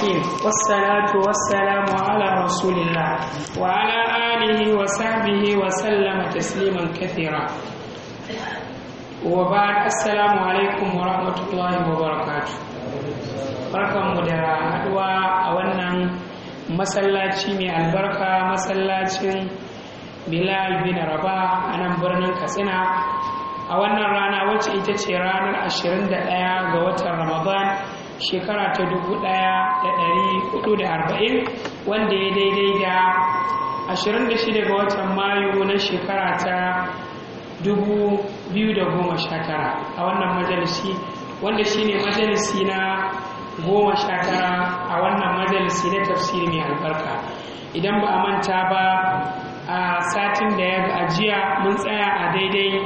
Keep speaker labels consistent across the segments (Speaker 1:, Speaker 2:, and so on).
Speaker 1: الرحيم والصلاة والسلام على رسول الله وعلى آله وصحبه وسلم تسليما كثيرا وبعد السلام عليكم ورحمة الله وبركاته mu da haɗuwa a wannan masallaci mai albarka masallacin bilal bin raba a nan birnin katsina a wannan rana wacce ita ce ranar 21 ga watan ramadan shekara ta dubu ɗaya da ɗari hudu da arba'in wanda ya daidai da ashirin da shi ga watan mayu na shekara ta dubu biyu da goma sha a wannan majalisi wanda shine majalisi na goma sha tara a wannan majalisi na tafsiri mai albarka idan ba a manta ba a satin da ya ajiya mun tsaya a daidai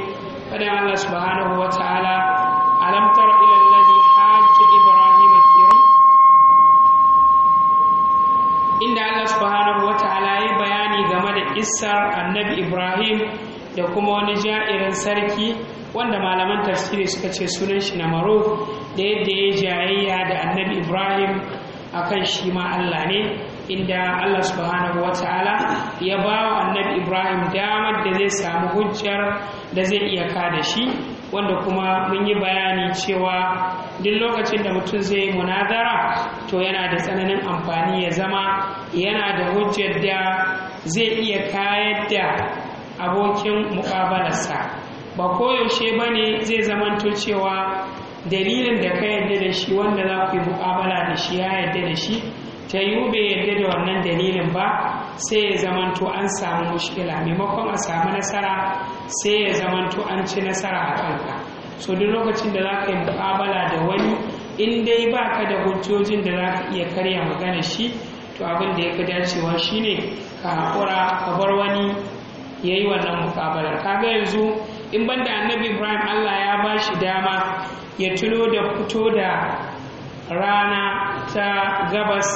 Speaker 1: faɗin allah subhanahu wa ta'ala alamtar Allah subhanahu ta'ala ya bayani game da kissar annabi Ibrahim da kuma wani ja'irin sarki wanda malaman tafsiri suka ce sunan shi na maro da yadda ya jayayya da annabi Ibrahim akan shi ma Allah ne inda Allah subhanahu wa ta'ala ya ba wa annabi Ibrahim damar da zai samu hujjar da zai iya kada shi wanda kuma mun yi bayani cewa duk lokacin da mutum zai yi munadara to yana da tsananin amfani ya zama yana da hujjar da zai iya kayar da abokin muƙabalarsa ba koyaushe ba ne zai zamanto cewa dalilin da ka yarda da shi wanda za ku yi muƙabala da shi ya yadda da shi ta yi bai yadda da wannan dalilin ba sai ya zamanto an samu mushkila maimakon a samu nasara sai ya zamanto an ci nasara a kanka so duk lokacin da za ka yi mu'amala da wani in dai ba ka da hujjojin da za ka iya karya magana shi to abin da ya fi dacewa shine ka haƙura ka bar wani ya yi wannan Ka ga yanzu in banda annabi ibrahim allah ya ba shi dama ya tuno da fito da rana ta gabas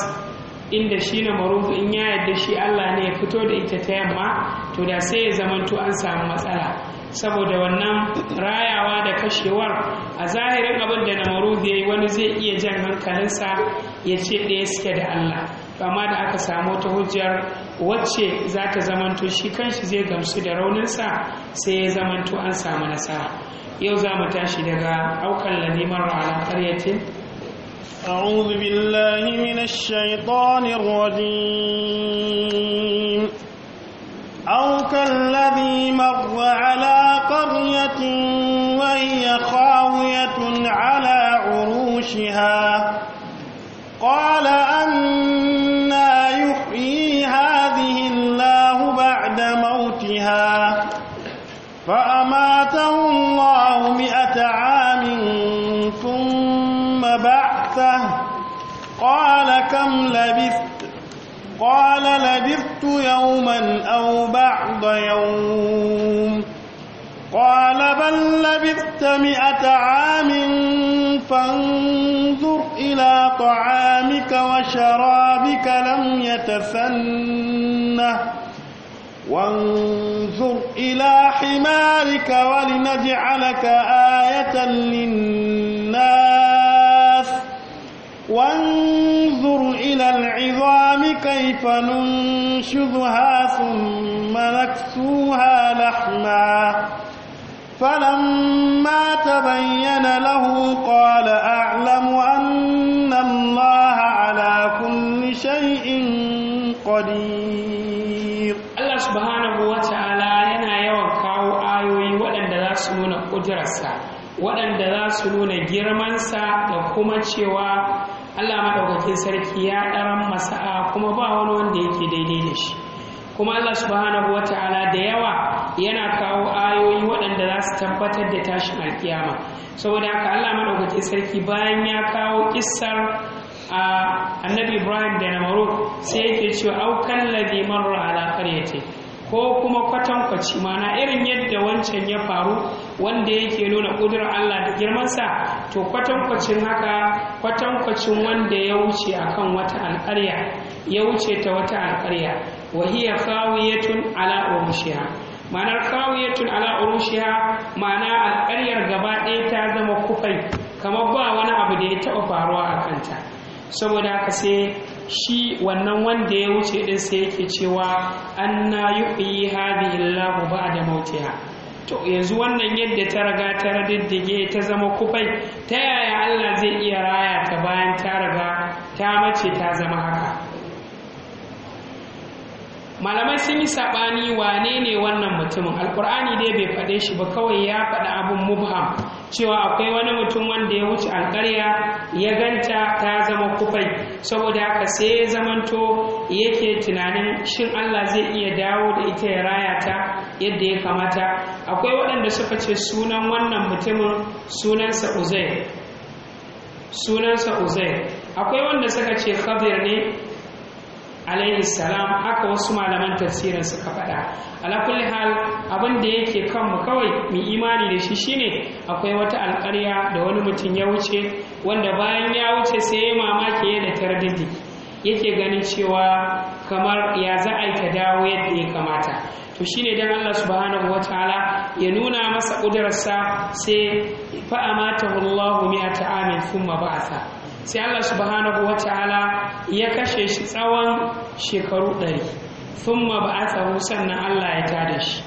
Speaker 1: inda shi na marufu in ya yadda shi Allah ne ya fito da ita ta yamma to da sai ya zamanto an samu matsala saboda wannan rayawa da kashewar a zahirin abin da na marufu ya yi wani zai iya jan hankalinsa ya ce ɗaya suke da Allah to amma da aka samu ta hujjar wacce za ta zamanto shi kanshi zai gamsu da rauninsa sai ya zamanto an samu nasara yau za mu tashi daga aukan lalimar ranar karyatin أعوذ
Speaker 2: بالله من الشيطان الرجيم أو كالذي مر على قرية وهي خاوية على عروشها قال أنا يحيي هذه الله بعد موتها فأماته الله مئة عام لبثته قال كم لبثت قال لبثت يوما أو بعض يوم قال بل لبثت مئة عام فانظر إلى طعامك وشرابك لم يتسنه وانظر إلى حمارك ولنجعلك آية للناس وانظر إلى العظام كيف ننشذها ثم نكسوها لحما فلما تبين له قال أعلم أن الله
Speaker 1: على كل شيء قدير الله سبحانه وتعالى ينا يوم كاو آيوي ولن دلاس نون قدرسا waɗanda za su nuna girmansa da kuma cewa Allah maɗaukakin sarki ya ɗaran masa'a kuma ba wani wanda yake daidai da shi kuma Allah subhanahu ta'ala da yawa yana kawo ayoyi waɗanda za su tabbatar da tashin alkiyama saboda haka Allah maɗaukakin sarki bayan ya kawo a annabi Ibrahim da namaru sai yake cewa aukan ladhi marra ala ko kuma kwatankwaci mana irin yadda wancan ya faru wanda yake nuna ƙudurar Allah da girmansa to kwatankwacin haka kwatankwacin wanda ya wuce akan wata alƙarya ya wuce ta wata alƙarya wa hiya khawiyatun ala urushiha ma'anar khawiyatun ala ma'ana alƙaryar gaba ɗaya ta zama kufai kamar ba wani abu da ya taɓa faruwa a kanta saboda haka sai shi wannan wanda ya wuce din sai yake cewa yi anna yuhyi hadhihi ba da mautiya to yanzu wannan yadda ta raga ta radiddige ta zama kufai ta yaya Allah zai iya raya ta bayan ta raga ta mace ta zama haka malamai sun yi saɓani wane ne wannan mutumin alkur'ani dai bai faɗe shi ba kawai ya faɗi abin mubham cewa akwai wani mutum wanda ya wuce alƙarya ya ganta ta zama kufai saboda haka sai ya zamanto yake tunanin shin allah zai iya dawo da ita ya raya ta yadda ya kamata akwai waɗanda suka ce sunan wannan mutumin sunansa uzair sunansa uzair akwai wanda suka ce khabir ne alaihi salam haka wasu malaman tafsirin suka faɗa ala kulli hal abin da yake kanmu kawai mu imani da shi shine akwai wata alƙarya da wani mutum ya wuce wanda bayan ya wuce sai ya mamaki ya da tardidi yake ganin cewa kamar ya za a ta dawo yadda ya kamata to shine dan Allah subhanahu wataala ya nuna masa ƙudurarsa sai fa amatahu Allahu mi'ata amin thumma ba'atha sai Allah subhanahu wa ta'ala ya kashe shi tsawon shekaru ɗari sun tsaro sannan Allah ya tada shi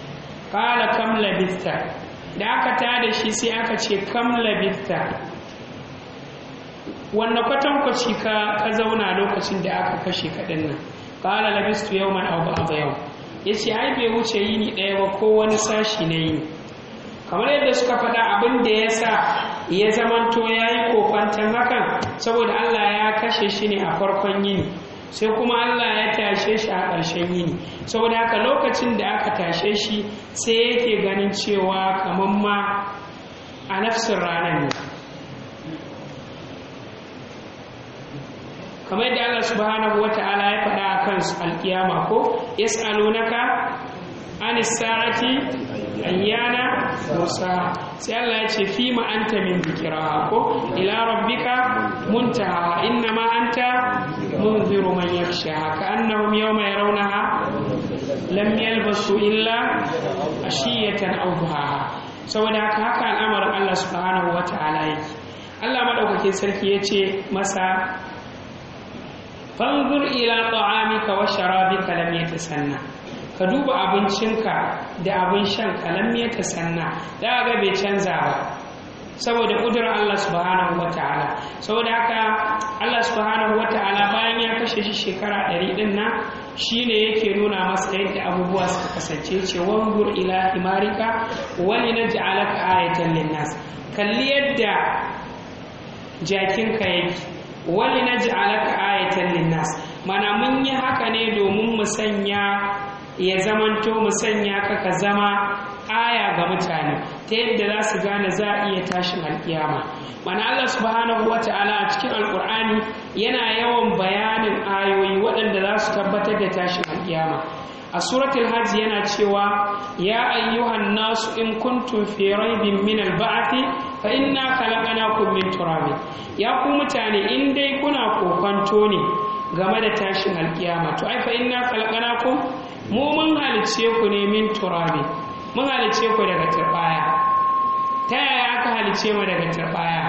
Speaker 1: ƙala kam labista da aka tada shi sai aka ce kam labista wanda kwatankwaci ka ka zauna lokacin da aka kashe kaɗin nan yau man abu a yau. ya ce ai bai wuce yini ɗaya ba ko wani sashi na yini kamar yadda suka faɗa abin da ya sa ya zamanto ya yi kofantar hakan saboda allah ya kashe shi ne a farkon yini sai kuma allah ya tashe shi a ƙarshen yini saboda haka lokacin da aka tashe shi sai yake ganin cewa kamar ma a nafsin ranar ne kamar yadda Allah subhanahu wa ta'ala ya faɗa a kan alƙiyama ko yas'alunaka anis sa'ati ayyana musa sai Allah ya ce fi ma anta min dhikra ko ila rabbika muntaha inna ma anta munziru man yakhsha ka annahum yawma yarawnaha lam yalbasu illa ashiyatan aw duhaha saboda haka haka al'amarin Allah subhanahu wa ta'ala yake Allah madaukakin sarki ya ce masa fanzur ila ta'amika wa sharabika lam ka duba abincinka da abin shan kalam ya ta sanna da ga bai canza ba saboda ƙudurar Allah subhanahu wa ta'ala saboda haka Allah subhanahu wa ta'ala bayan ya kashe shi shekara ɗari ɗin nan shi ne yake nuna masa yadda abubuwa suka kasance ce wangur ila imarika wani na ji ja'alaka ayatan linnas kalli yadda jakinka yake wani na ji ja'alaka ayatan linnas mana mun yi haka ne domin mu sanya ya zamanto mu sanya ka ka zama aya ga mutane ta yadda za su gane za a iya tashin alkiyama mana Allah subhanahu wa ta'ala a cikin alkur'ani yana yawan bayanin ayoyi waɗanda za su tabbatar da tashin alkiyama a suratul hajj yana cewa ya ayyuhan nasu in kuntum fi raibin min al in fa inna khalaqnakum min turab ya ku mutane in dai kuna kokonto ne game da tashin alkiyama to ai fa inna khalaqnakum mu mun halice ku ne min turabi mun halice ku daga turbaya ta yaya aka halice mu daga turbaya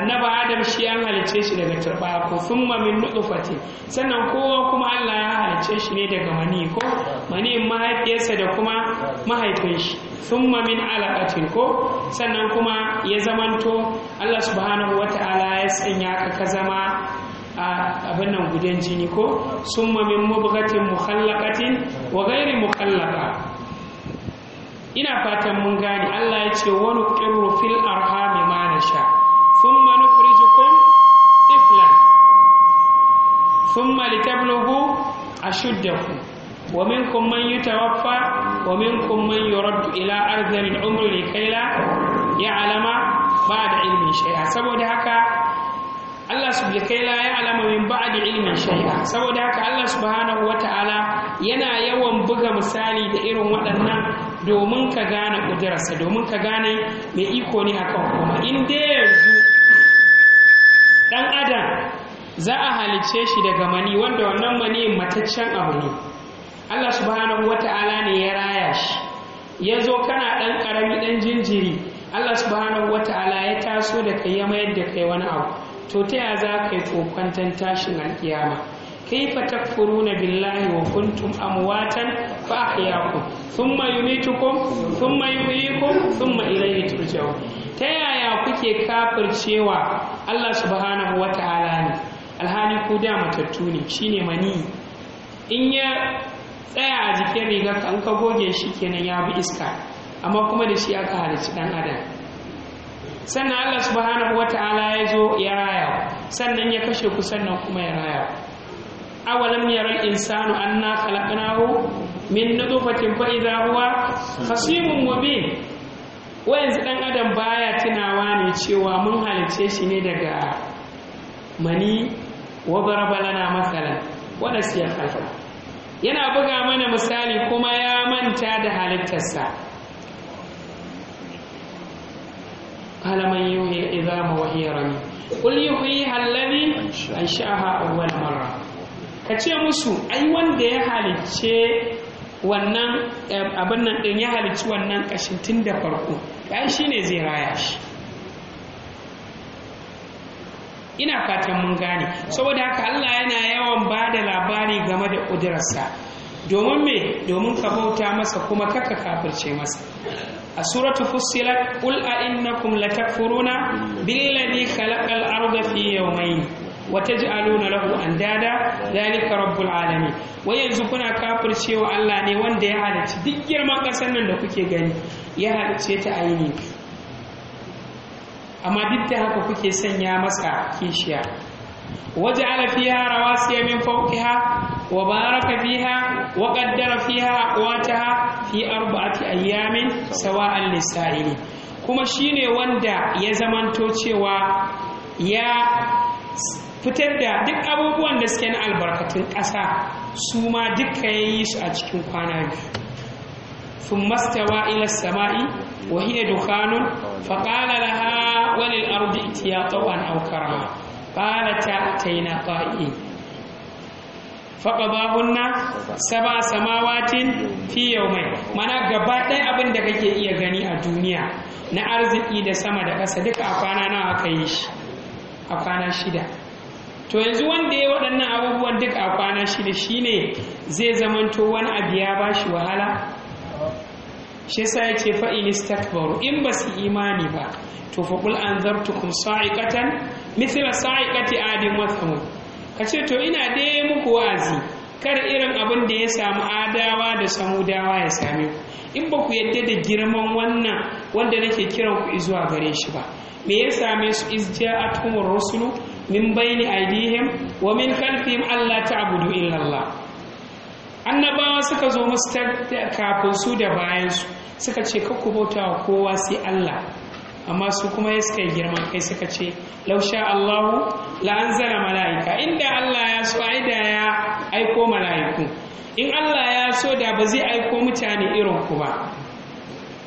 Speaker 1: annaba adam shi an halice shi daga turbaya ko summa min nutfati sannan kowa kuma Allah ya halice shi ne daga mani ko mani mahaifiyarsa da kuma mahaifin shi summa min alaqatin ko sannan kuma ya zamanto Allah subhanahu wataala ya sanya ka ka zama a abin nan gudan jini ko sun mamin mabukatin mukhallaqatin wa gairi mukhallaqa ina fatan mun gane Allah ya ce wa nuqirru fil arhami ma nasha ifla sun mali tablogu a shuddaku wa minkum yi tawaffa wa minkum yi yuraddu ila ardhil kaila ya alama ba da ilmin shay'a saboda haka Allah ya kai ya alama min da ilimin shay'a saboda haka Allah subhanahu wata'ala yana yawan buga misali da irin waɗannan domin ka gane kudirarsa domin ka gane mai iko ne akan kuma in dai yanzu dan adam za a halice shi daga mani wanda wannan mani mataccen abu ne Allah subhanahu wata'ala ne ya raya shi ya zo kana ɗan ƙarami ɗan jinjiri Allah subhanahu wata'ala ya taso da kai ya mayar da kai wani abu to ta ya za ka yi kokwantan tashin alkiyama furu na billahi wa kuntum amwatan fa ahyaakum thumma yumitukum thumma yuhyikum thumma ilayhi turja'un ta yaya kuke kafircewa Allah subhanahu wataala ne alhali ku da matattu ne shine mani in ya tsaya a jikin rigar ka ka goge shi kenan ya bi iska amma kuma da shi aka halici dan adam sannan Allah subhanahu ta'ala ya zo ya raya sannan ya kashe ku sannan kuma ya raya awalam yaral insanu anna khalaqnahu min nutfatin fa idza huwa khasimun mubin wayan dan adam baya tunawa ne cewa mun halice shi ne daga mani wa baraba lana masalan wa nasiya khalqa yana buga mana misali kuma ya manta da halittarsa قال من يحيي العظام وهي رميم قل يحييها الذي أنشأها أول مرة kace musu ai wanda ya halicce wannan abin nan ɗin ya halicci wannan ƙashin tun da farko ai shine zai raya shi ina fatan mun gane saboda haka Allah yana yawan ba da labari game da ƙudurarsa domin me domin ka bauta masa kuma kaka kafirce masa a suratu fussilat qul a innakum latakfuruna billadhi khalaqal arda fi yawmayn wa taj'aluna lahu andada dalika rabbul Alami. wa yanzu kuna cewa Allah ne wanda ya halarci duk girman kasar nan da kuke gani ya halicce ta aini amma duk da haka kuke sanya masa kishiya waje ala fiha rawasiya min ha? وبارك فيها وقدر فيها أقواتها في أربعة أيام سواء للسائلين kuma shine wanda ya zamanto cewa ya fitar da duk abubuwan da suke na albarkatun ƙasa su ma duka ya yi su a cikin kwana biyu sun mastawa ila sama'i wa hiya dukhanun fa qala laha walil ardi itiya tawan aw karama qalat ta'tina qa'in faqadahunna sab'a samawatin fi mai mana gaba ɗaya abin da kake iya gani a duniya na arziki da sama da ƙasa duka a kwana nawa aka yi shi a kwana shida to yanzu wanda ya waɗannan abubuwan duka a kwana shida ne zai zamanto wani abu ya bashi wahala shi yasa ya ce fa'in istakbaru in ba su imani ba to faƙul an zartukum sa'iƙatan mithla sa'iƙati adin wa thamud ka ce to ina dai muku wa'azi kar irin abin da ya samu adawa da samudawa ya same ku in ba ku yadda da girman wannan wanda nake kiran ku izuwa gare shi ba me ya same su izja'atuhum rusulu min bayni aidihim wa min khalfihim alla ta'budu illa Allah annabawa suka zo musu kafin su da bayan su suka ce ku bauta wa kowa sai Allah amma su kuma ya suka yi girman kai suka ce lausha Allahu la'anzara mala'ika inda Allah ya so ai da ya aiko mala'iku in Allah ya so da ba zai aiko mutane irin ku ba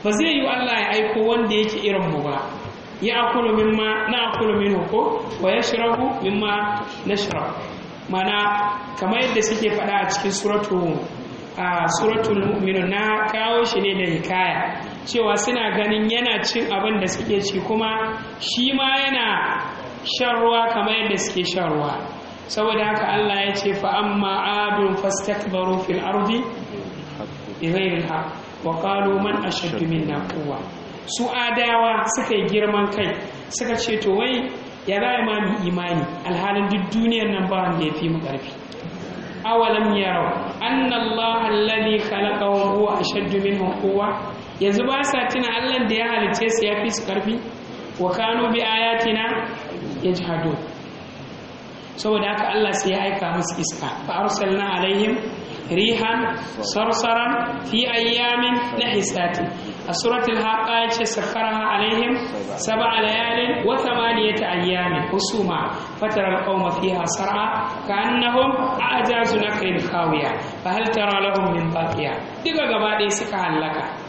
Speaker 1: ba zai yi Allah ya aiko wanda yake irin mu ba ya akulu mimma na akulu minhu ko wa yashrabu mimma nashrab mana kamar yadda suke faɗa a cikin suratul a mu'minun na kawo shi ne da hikaya cewa suna ganin yana cin abin da suke ci kuma shi ma yana shan ruwa kamar yadda suke shan ruwa saboda haka Allah ya ce fa amma adun fastakbaru fil ardi bi ghairi wa qalu man ashaddu minna quwwa su adawa suka yi girman kai suka ce to wai ya za ma mu imani alhalin duk duniyar nan ba wanda ya fi mu karfi awalam yarau anna allaha alladhi khalaqahum huwa ashaddu minhum quwwa yanzu ba sa tuna Allah da ya halice su ya fi su karfi wa kanu bi ayatina hado saboda haka Allah sai ya aika musu iska fa arsalna alaihim rihan sarsaran fi ayyamin nahisati a suratul haqa yace sakkaraha alaihim sab'a layalin wa thamaniyata ayyamin husuma fatara alqawma fiha sar'a ka'annahum a'jazu nakrin khawiya fa hal tara lahum min baqiya diga gaba ɗaya suka hallaka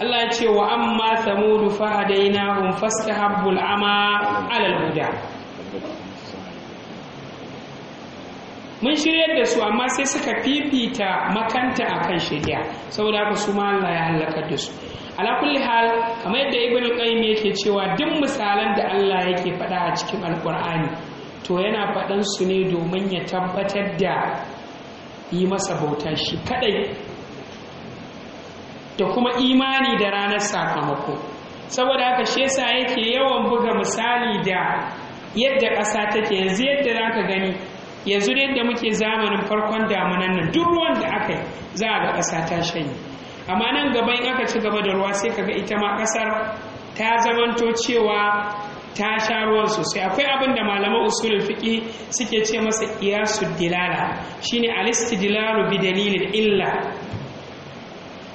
Speaker 1: Allah ya ce wa amma samudu fa hadainahum fastahabbu al'ama 'ala al-huda mun shiryar da su amma sai suka fifita makanta akan shirya saboda haka su ma Allah ya halaka da su ala kulli hal kamar yadda ibn qayyim yake cewa duk misalan da Allah yake faɗa a cikin alqur'ani to yana faɗan su ne domin ya tabbatar da yi masa bauta shi kadai da kuma imani da ranar sakamako saboda haka shi yasa yake yawan buga misali da yadda ƙasa take yanzu yadda za ka gani yanzu yadda muke zamanin farkon damunan nan duk ruwan da aka yi za a ga ƙasa ta shanye amma nan gaba in aka ci gaba da ruwa sai kaga ita ma ƙasar ta zamanto cewa ta sha ruwan sosai akwai abin da malaman usulul fiqi suke ce masa su dilala shine alistidilalu bi dalilin illa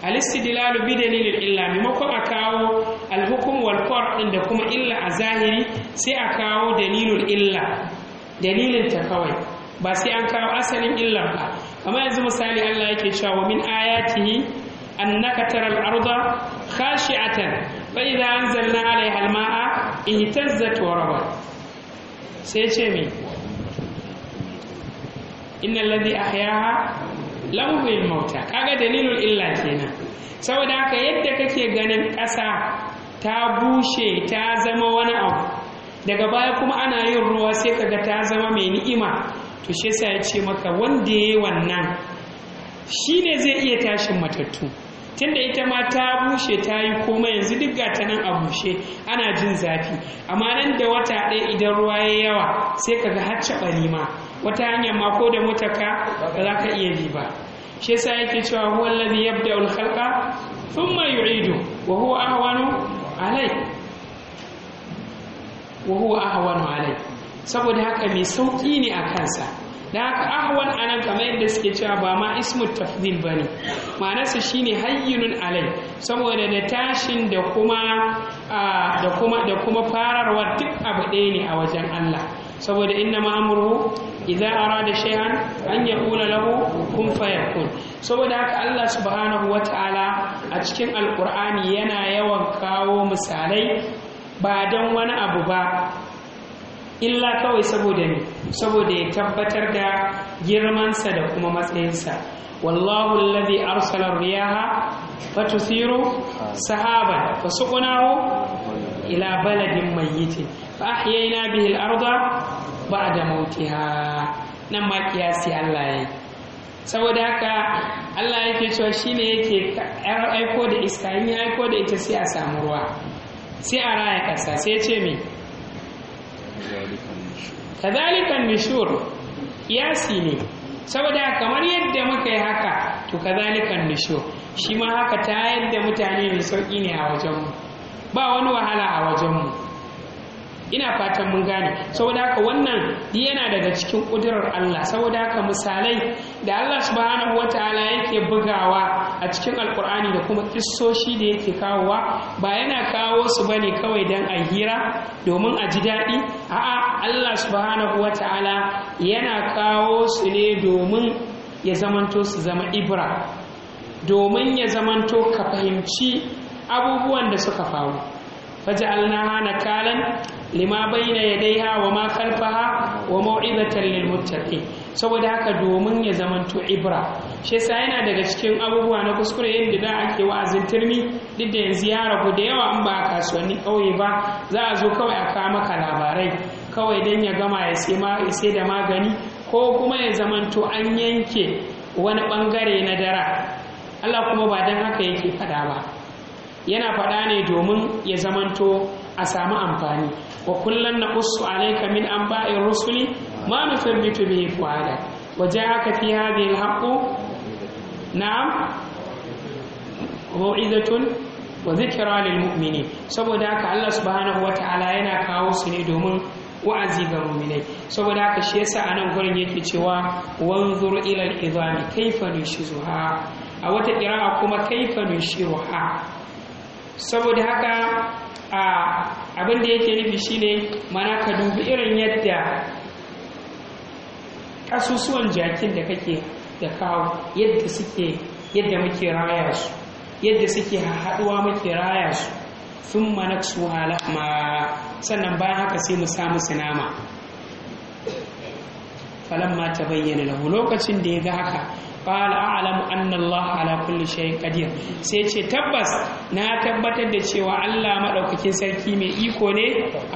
Speaker 1: al-istidlalu bi dalilin illa maimakon a kawo al-hukm da kuma illa a zahiri sai a kawo dalilul dalilin ta kawai ba sai an kawo asalin illar ba amma yanzu misali Allah yake cewa wa min ayatihi annaka kashi arda khashi'atan fa idza anzalna 'alayha al-ma'a ihtazzat wa rabat sai ce me innal ladhi ahyaha lauhin mauta kaga dalilin illa kenan saboda haka yadda kake ganin ƙasa ta bushe ta zama wani abu daga baya kuma ana yin ruwa sai kaga ta zama mai ni'ima to shi sa ya ce maka wanda ya yi wannan Shi ne zai iya tashin matattu tunda ita ma ta bushe ta yi koma yanzu duk ga ta nan a bushe ana jin zafi amma nan da wata ɗaya idan ruwa ya yawa sai kaga har caɓa ma wata hanyar ma ko da mutaka ba za ka iya bi ba shi yasa yake cewa huwa alladhi da al-khalqa thumma yu'idu wa huwa ahwanu alai wa huwa ahwanu alai saboda haka mai sauki ne a kansa da haka ahwan anan kamar yadda suke cewa ba ma ismu tafdil ba ne ma'anarsa shine hayyinun alai saboda da tashin da kuma da duk abu ɗaya ne a wajen Allah saboda inna ma'amuru idza arada shay'an an yaqula lahu kun fayakun saboda haka Allah subhanahu wataala a cikin alqur'ani yana yawan kawo misalai ba dan wani abu ba illa kawai saboda ne saboda ya tabbatar da girmansa da kuma matsayinsa wallahu alladhi arsala riyaha fatusiru sahaban fasuqnahu ila baladin mayyitin fa ahyayna bihi al-ardha ba da mautiha nan ma kiyasi Allah ya saboda haka Allah yake cewa shine yake aiko da iska in ya aiko da ita sai a samu ruwa sai a raya kasa sai ce me kadhalikan nishur kiyasi ne saboda kamar yadda muka yi haka to kadhalikan nishur shi ma haka ta yadda mutane mai sauki ne a wajenmu ba wani wahala a wajenmu ina fatan mun gane saboda haka wannan yana daga cikin ƙudurar Allah saboda haka misalai da Allah subhanahu wataala yake bugawa a cikin alkur'ani da kuma kissoshi da yake kawowa ba yana kawo su bane kawai dan a hira domin a ji daɗi a'a Allah subhanahu wataala yana kawo su ne domin ya zamanto su zama ibra domin ya zamanto ka fahimci abubuwan da suka faru faja'alnaha kalan lima ya dai wa ma ha wa mau'izatan lil muttaqi saboda haka domin ya zamanto ibra shi yasa yana daga cikin abubuwa na kuskure yanda da ake wa'azin turmi duk da yanzu ya rabu da yawa an ba kasuwanni kauye ba za a zo kawai a kawo maka labarai kawai dan ya gama ya sai da magani ko kuma ya zamanto an yanke wani bangare na dara Allah kuma ba dan haka yake fada ba yana fada ne domin ya zamanto a samu amfani Ku kullanna kusa ale ka min an ba in rusule. Ma mutum bittu bai yi kwaya Waje aka fi haɗin haƙƙo. Na. Ruci da tun ba zai Saboda haka Allah su bani wata ala yana kawo su ne domin wa'azi ga ruminai. Saboda haka shi ya sa a nan wurin ya ke cewa wanzu la'ilar Ibami ta shi zuwa. A wata ƙira'a kuma ta yi fannin shi zuwa. Saboda haka. abin da yake nufi shine mana ka dubi irin yadda ƙasusuwan jakin da kake da kawo yadda suke yadda muke raya su yadda suke haɗuwa muke raya su sun mana su halama sannan bayan haka sai mu samu sinama ma ta bayyana lahu lokacin da ya ga haka qala a'lamu anna Allah ala kulli shay'in qadir sai ce tabbas na tabbatar da cewa Allah madaukakin sarki mai iko ne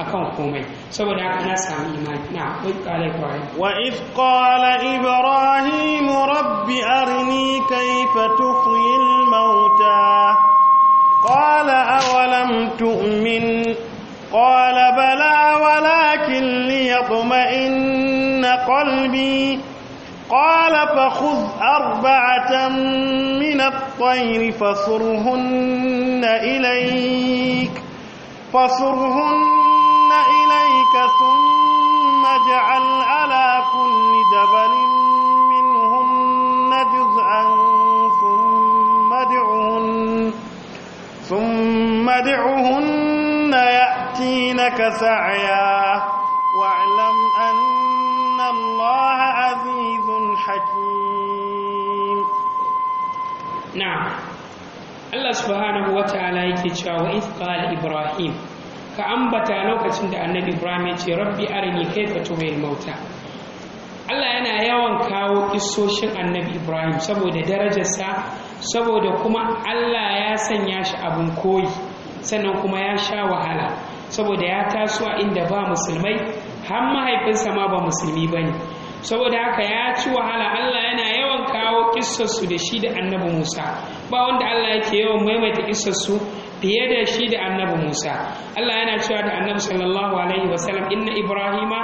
Speaker 1: akan komai saboda haka na samu imani na qala ibrahim wa id
Speaker 2: qala ibrahim rabbi arini kayfa tuhyi al-mauta qala awalam tu'min قال بلى ولكن ليطمئن قلبي قال فخذ أربعة من الطير فصرهن إليك فصرهن إليك ثم اجعل على كل جبل منهن جزءا ثم ادعهن ثم ادعهن يأتينك سعيا واعلم أن حكيم
Speaker 1: نعم الله سبحانه وتعالى يكي وإذ قال إبراهيم lokacin da annabi ibrahim إبراهيم يتي ربي أرني كيف تحيي الموتى Allah yana yawan kawo isoshin annabi Ibrahim saboda darajarsa saboda kuma Allah ya sanya shi abin koyi sannan kuma ya sha wahala saboda ya taso a inda ba musulmai har mahaifinsa ma ba musulmi ba ne saboda haka ya ci wahala Allah yana yawan kawo kissarsu da shi da annabi Musa ba wanda Allah yake yawan maimaita kissarsu fiye da shi da annabi Musa Allah yana cewa da annabi sallallahu alaihi wa sallam, inna ibrahima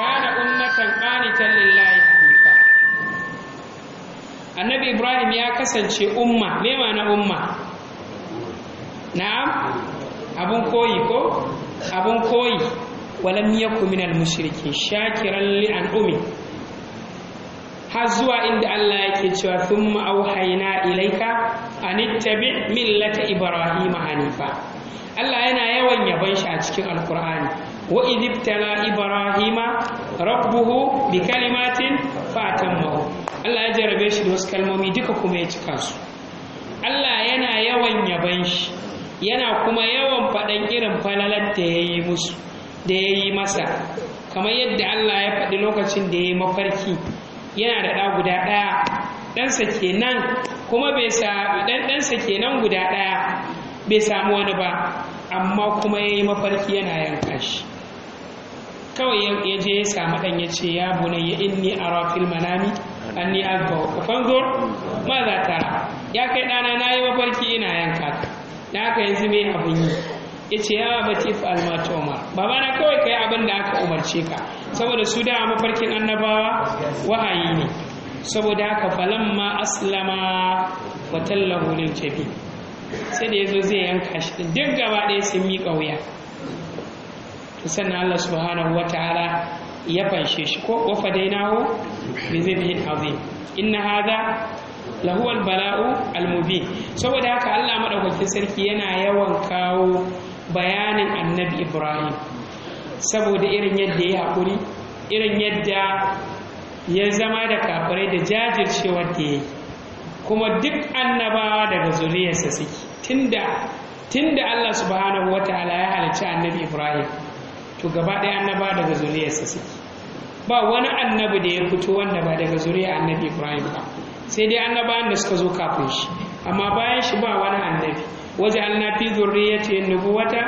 Speaker 1: kana ummatan qanitan lillahi hanifa annabi ibrahim ya kasance umma me ma'ana umma na'am abun koyi ko abun koyi walam yakun minal mushriki shakiran li an'umi har zuwa inda Allah yake cewa thumma awhayna ilaika an ittabi millata ibrahima hanifa Allah yana yawan yaban shi a cikin alkur'ani wa idibtala ibrahima rabbuhu bi kalimatin fatammahu Allah ya jarabe shi da wasu kalmomi duka kuma ya cika su Allah yana yawan yaban shi yana kuma yawan faɗan irin falalar da ya yi musu da ya yi masa kamar yadda Allah ya faɗi lokacin da ya yi mafarki yana da ɗa guda ɗaya ɗansa kenan kuma bai ɗansa kenan guda ɗaya bai samu wani ba amma kuma ya yi mafarki yana yanka shi kawai ya je ya samu ɗan ya ce ya bune ya inni a rafil manami an ni azbawa ku fanzo ma za ta ya kai ɗana na yi mafarki ina yanka na ka yanzu mai abin yi yace ya bati fa almatu umar baba na kawai kai abin da aka umarce ka saboda su da mafarkin annabawa wahayi ne saboda haka ma aslama wa tallahu lil jabi sai da yazo zai yanka shi duk gaba ɗaya sun yi wuya to sannan Allah subhanahu wataala ya fanshe shi ko wafa dainahu bi zibhin azim inna hadha lahuwal bala'u Al-mubin. saboda haka Allah madaukakin sarki yana yawan kawo bayanin annabi ibrahim saboda irin yadda ya haƙuri irin yadda ya zama da kafirai da jajircewar da ya yi kuma duk annabawa daga zuriyarsa suke tunda tunda Allah subhanahu wataala ya halarci annabi ibrahim to gaba ɗaya annaba daga zuriyarsa suke ba wani annabi da ya fito wanda ba daga zuriya annabi ibrahim ba sai dai annabawan da suka zo kafin shi amma bayan shi ba wani annabi waj'alna fi dhurriyyati an-nubuwata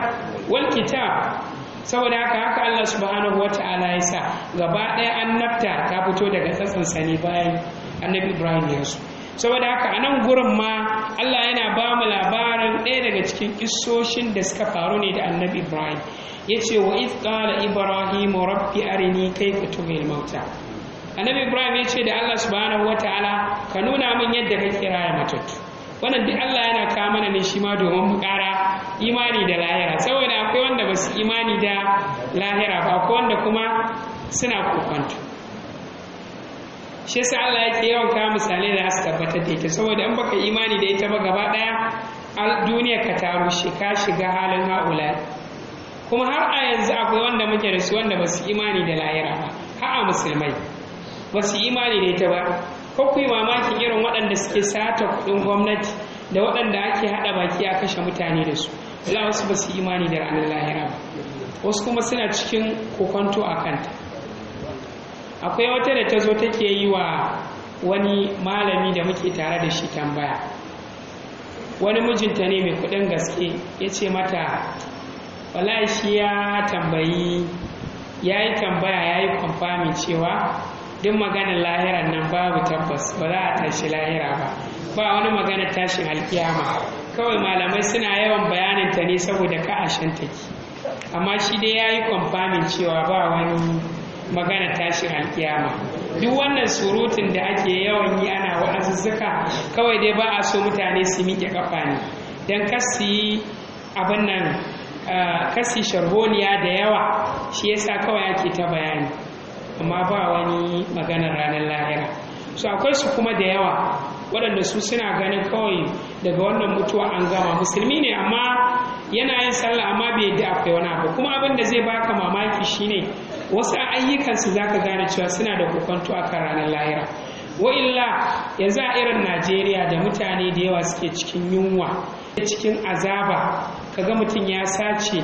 Speaker 1: wal kitab saboda haka haka Allah subhanahu wata'ala ya sa gaba ɗaya annabta ta fito daga tsatsan sani bayan annabi Ibrahim ya so saboda haka a nan gurin ma Allah yana ba mu labarin ɗaya daga cikin kissoshin da suka faru ne da annabi Ibrahim ya ce wa iz qala ibrahim rabbi arini kayfa tumil mauta annabi ibrahim ya ce da allah subhanahu wataala ka nuna min yadda kake raya matattu wannan duk Allah yana kawo mana ne shi ma domin mu ƙara imani da lahira saboda akwai wanda ba su imani da lahira ba akwai wanda kuma suna kokonta shi yasa Allah ya yake yawan kawo misalai da su tabbatar da ita saboda in baka imani da ita ba gaba daya duniya ka taru shi ka shiga halin haula kuma har a yanzu akwai wanda muke da su wanda ba su imani da lahira ba har musulmai ba su imani da ita ba ko ku yi mamakin irin waɗanda suke sata kuɗin gwamnati da waɗanda ake haɗa baki a kashe mutane da su Allah wasu ba su imani da ranar lahira ba wasu kuma suna cikin kokonto a kanta akwai wata da ta zo take yi wa wani malami da muke tare da shi tambaya wani mijinta ne mai kuɗin gaske ya ce mata Wala shi ya tambayi ya yi tambaya ya yi kwamfamin cewa duk maganar lahiran nan babu tabbas ba za a tashi lahira ba ba wani maganar tashin alkiyama kawai malamai suna yawan bayanin ta ne saboda ka'ashen take amma shi dai ya yi kwamfamin cewa ba wani magana tashin alkiyama duk wannan surutun da ake yawan yi ana wa'azuzzuka kawai dai ba a so mutane su miƙe kafa ne don kasi abin nan eh, kasi da yawa shi yasa kawai ake ta bayani amma ba wani magana ranar lahira su akwai su kuma da yawa waɗanda su suna ganin kawai daga wannan mutuwa an gama musulmi ne amma yana yin sallah amma bai yadda akwai wani abu kuma abin da zai baka mamaki shine wasu ayyukansu za ka gane cewa suna da kokonto a kan ranar lahira wa'illa yanzu a irin najeriya da mutane da yawa suke cikin yunwa cikin azaba kaga mutum ya sace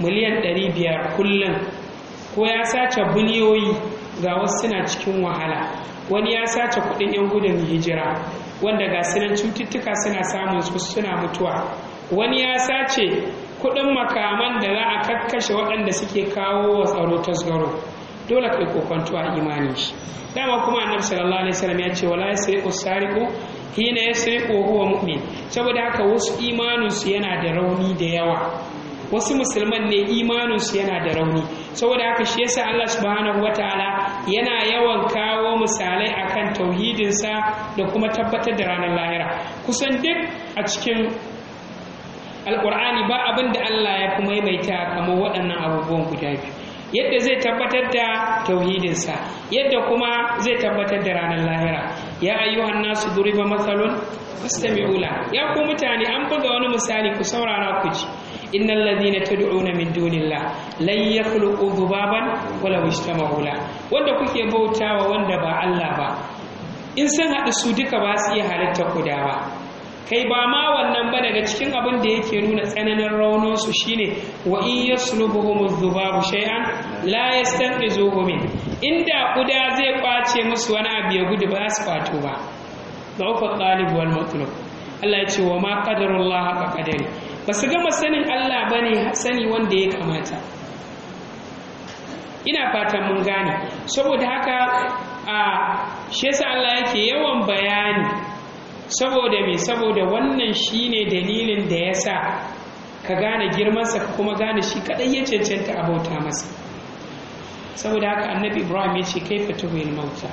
Speaker 1: miliyan 500 kullum ko ya sace biliyoyi ga wasu suna cikin wahala wani ya sace kuɗin 'yan gudun hijira wanda ga sunan cututtuka suna samun su suna mutuwa wani ya sace kuɗin makaman da za a kakkashe waɗanda suke kawo wa tsaro tasgaro dole kai kokwantuwa a shi dama kuma annabi sallallahu alaihi wasallam ya ce wala yasriqu sariqu hina yasriqu huwa mu'min saboda haka wasu imaninsu yana da rauni da yawa wasu musulman ne imaninsu yana da rauni saboda haka shi yasa Allah subhanahu wataala yana yawan kawo misalai akan tauhidinsa da kuma tabbatar da ranar lahira kusan duk a cikin alkur'ani ba abin da Allah ya fi maimaita kamar waɗannan abubuwan guda biyu yadda zai tabbatar da tauhidinsa yadda kuma zai tabbatar da ranar lahira ya ayyuhan nasu duriba matsalon fastami'ula ya ku mutane an buga wani misali ku saurara ku ji innal ta tad'una min dunillah lan yakhluqu dhubaban wala yajtama'u la wanda kuke bautawa wanda ba Allah ba in sun haɗu su duka ba su iya halitta kuda ba kai ba ma wannan ba daga cikin abin da yake nuna tsananin raunonsu shine wa in yaslubuhum dhubabu shay'an la yastanqizuhu min inda kuda zai ƙwace musu wani abu ya gudu ba su kwato ba da'ufa talib wal matlub Allah ya ce wa ma qadarullah ka qadari ba su gama sanin Allah ba ne sani wanda ya kamata ina fatan mun gane saboda haka a shi yasa Allah yake yawan bayani saboda me saboda wannan shine dalilin da ya sa ka gane girmansa ka kuma gane shi kadai ya cancanta a bauta masa saboda haka annabi ibrahim ya ce kai fatuhul mauta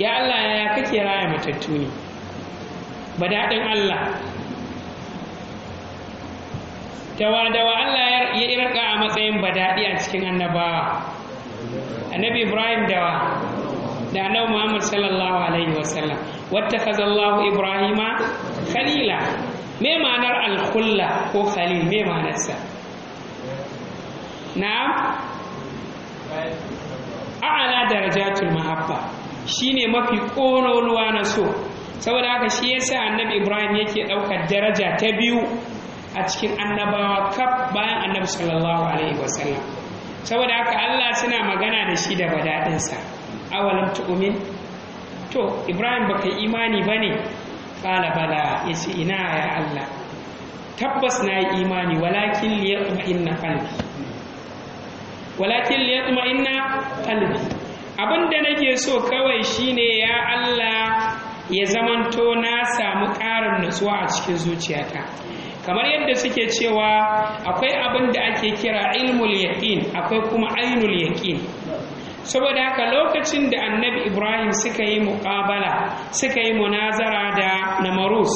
Speaker 1: ya Allah ya kake raya matattu ne daɗin Allah wa Allah ya irka a matsayin badaɗi a cikin annabawa annabi ibrahim da wa. da annabi muhammad sallallahu alaihi wasallam kaza allahu ibrahima khalila me ma'anar alkhulla ko khalil me ma'anarsa na'am a'ala darajatul mahabba shine mafi ƙololuwa na so saboda haka shi yasa annabi ibrahim yake ɗaukar daraja ta biyu a cikin annabawa kaf bayan annabi sallallahu alaihi wasallam saboda haka Allah suna magana da shi da sa awalam tu'min to Ibrahim baka imani bane qala bala yace ina ya Allah tabbas na yi imani walakin liyatma'inna qalbi walakin liyatma'inna qalbi abinda nake so kawai shine ya Allah ya zamanto na samu ƙarin nutsuwa a cikin zuciyata kamar yadda suke cewa akwai abin da ake kira ilmul yaqin akwai kuma ainul yaqin saboda haka lokacin da annabi ibrahim suka yi muƙabala suka yi munazara da namarus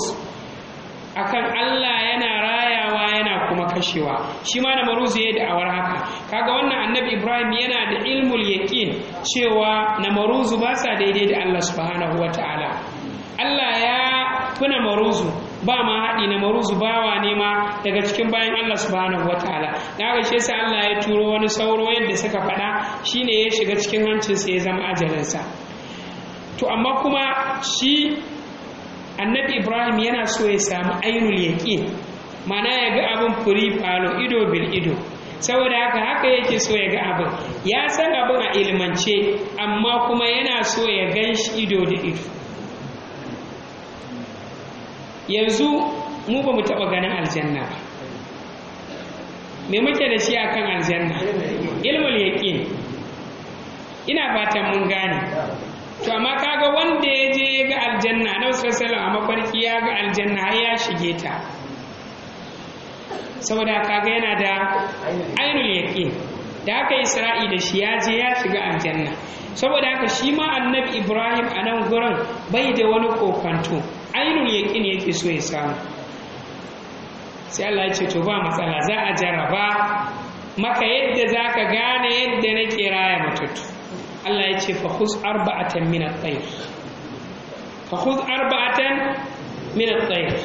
Speaker 1: akan allah yana rayawa yana kuma kashewa shi ma namarus ya yi da'awar haka kaga wannan annabi ibrahim yana da ilmul yaƙin cewa namaruzu ba sa daidai da allah subhanahu wa ta'ala allah ya kuna maruzu ba ma haɗi na maruzu bawa ne ma daga cikin bayan Allah subhanahu ta'ala da haka shi sai Allah ya turo wani sauro yadda suka faɗa shine ya shiga cikin hancin sa ya zama ajalinsa to amma kuma shi annabi ibrahim yana so ya samu ainul yaqin mana ya ga abin furi falo ido bil ido saboda haka haka yake so ya ga abin ya san abin a ilmance amma kuma yana so ya gan ido da ido yanzu mu ba mu taɓa ganin aljanna ba me muke da shi akan aljanna ilmul yaqin ina fatan mun gane to amma kaga wanda ya je ga aljanna na sallallahu a mafarki ya ga aljanna har ya shige ta saboda kaga yana da ainul yaqin da haka isra'i da shi ya je ya shiga aljanna saboda haka shi ma annabi ibrahim a nan gurin bai da wani kokonto Ainu yaƙin yake so ya samu sai Allah ya ce to ba matsala za a jarraba maka yadda za ka gane yadda na ya matattu Allah ya ce fahuz arba'atan min fahuz arba'atan min at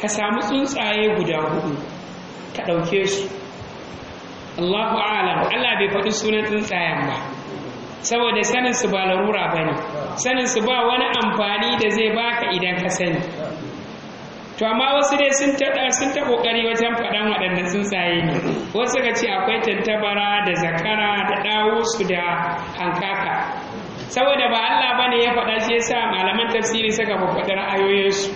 Speaker 1: ka samu tsuntsaye guda hudu ka ɗauke su Allahu alam Allah bai faɗi sunan tsuntsayen ba saboda sanin su ba larura ba ne sanin su ba wani amfani da zai baka idan ka sani to amma wasu dai sun taɓa sun ta kokari wajen faɗan waɗannan tsuntsaye ne wasu suka ce akwai tantabara da zakara da su da hankaka saboda ba Allah bane ya faɗa shi yasa malaman tafsiri suka faɗa ra'ayoyinsu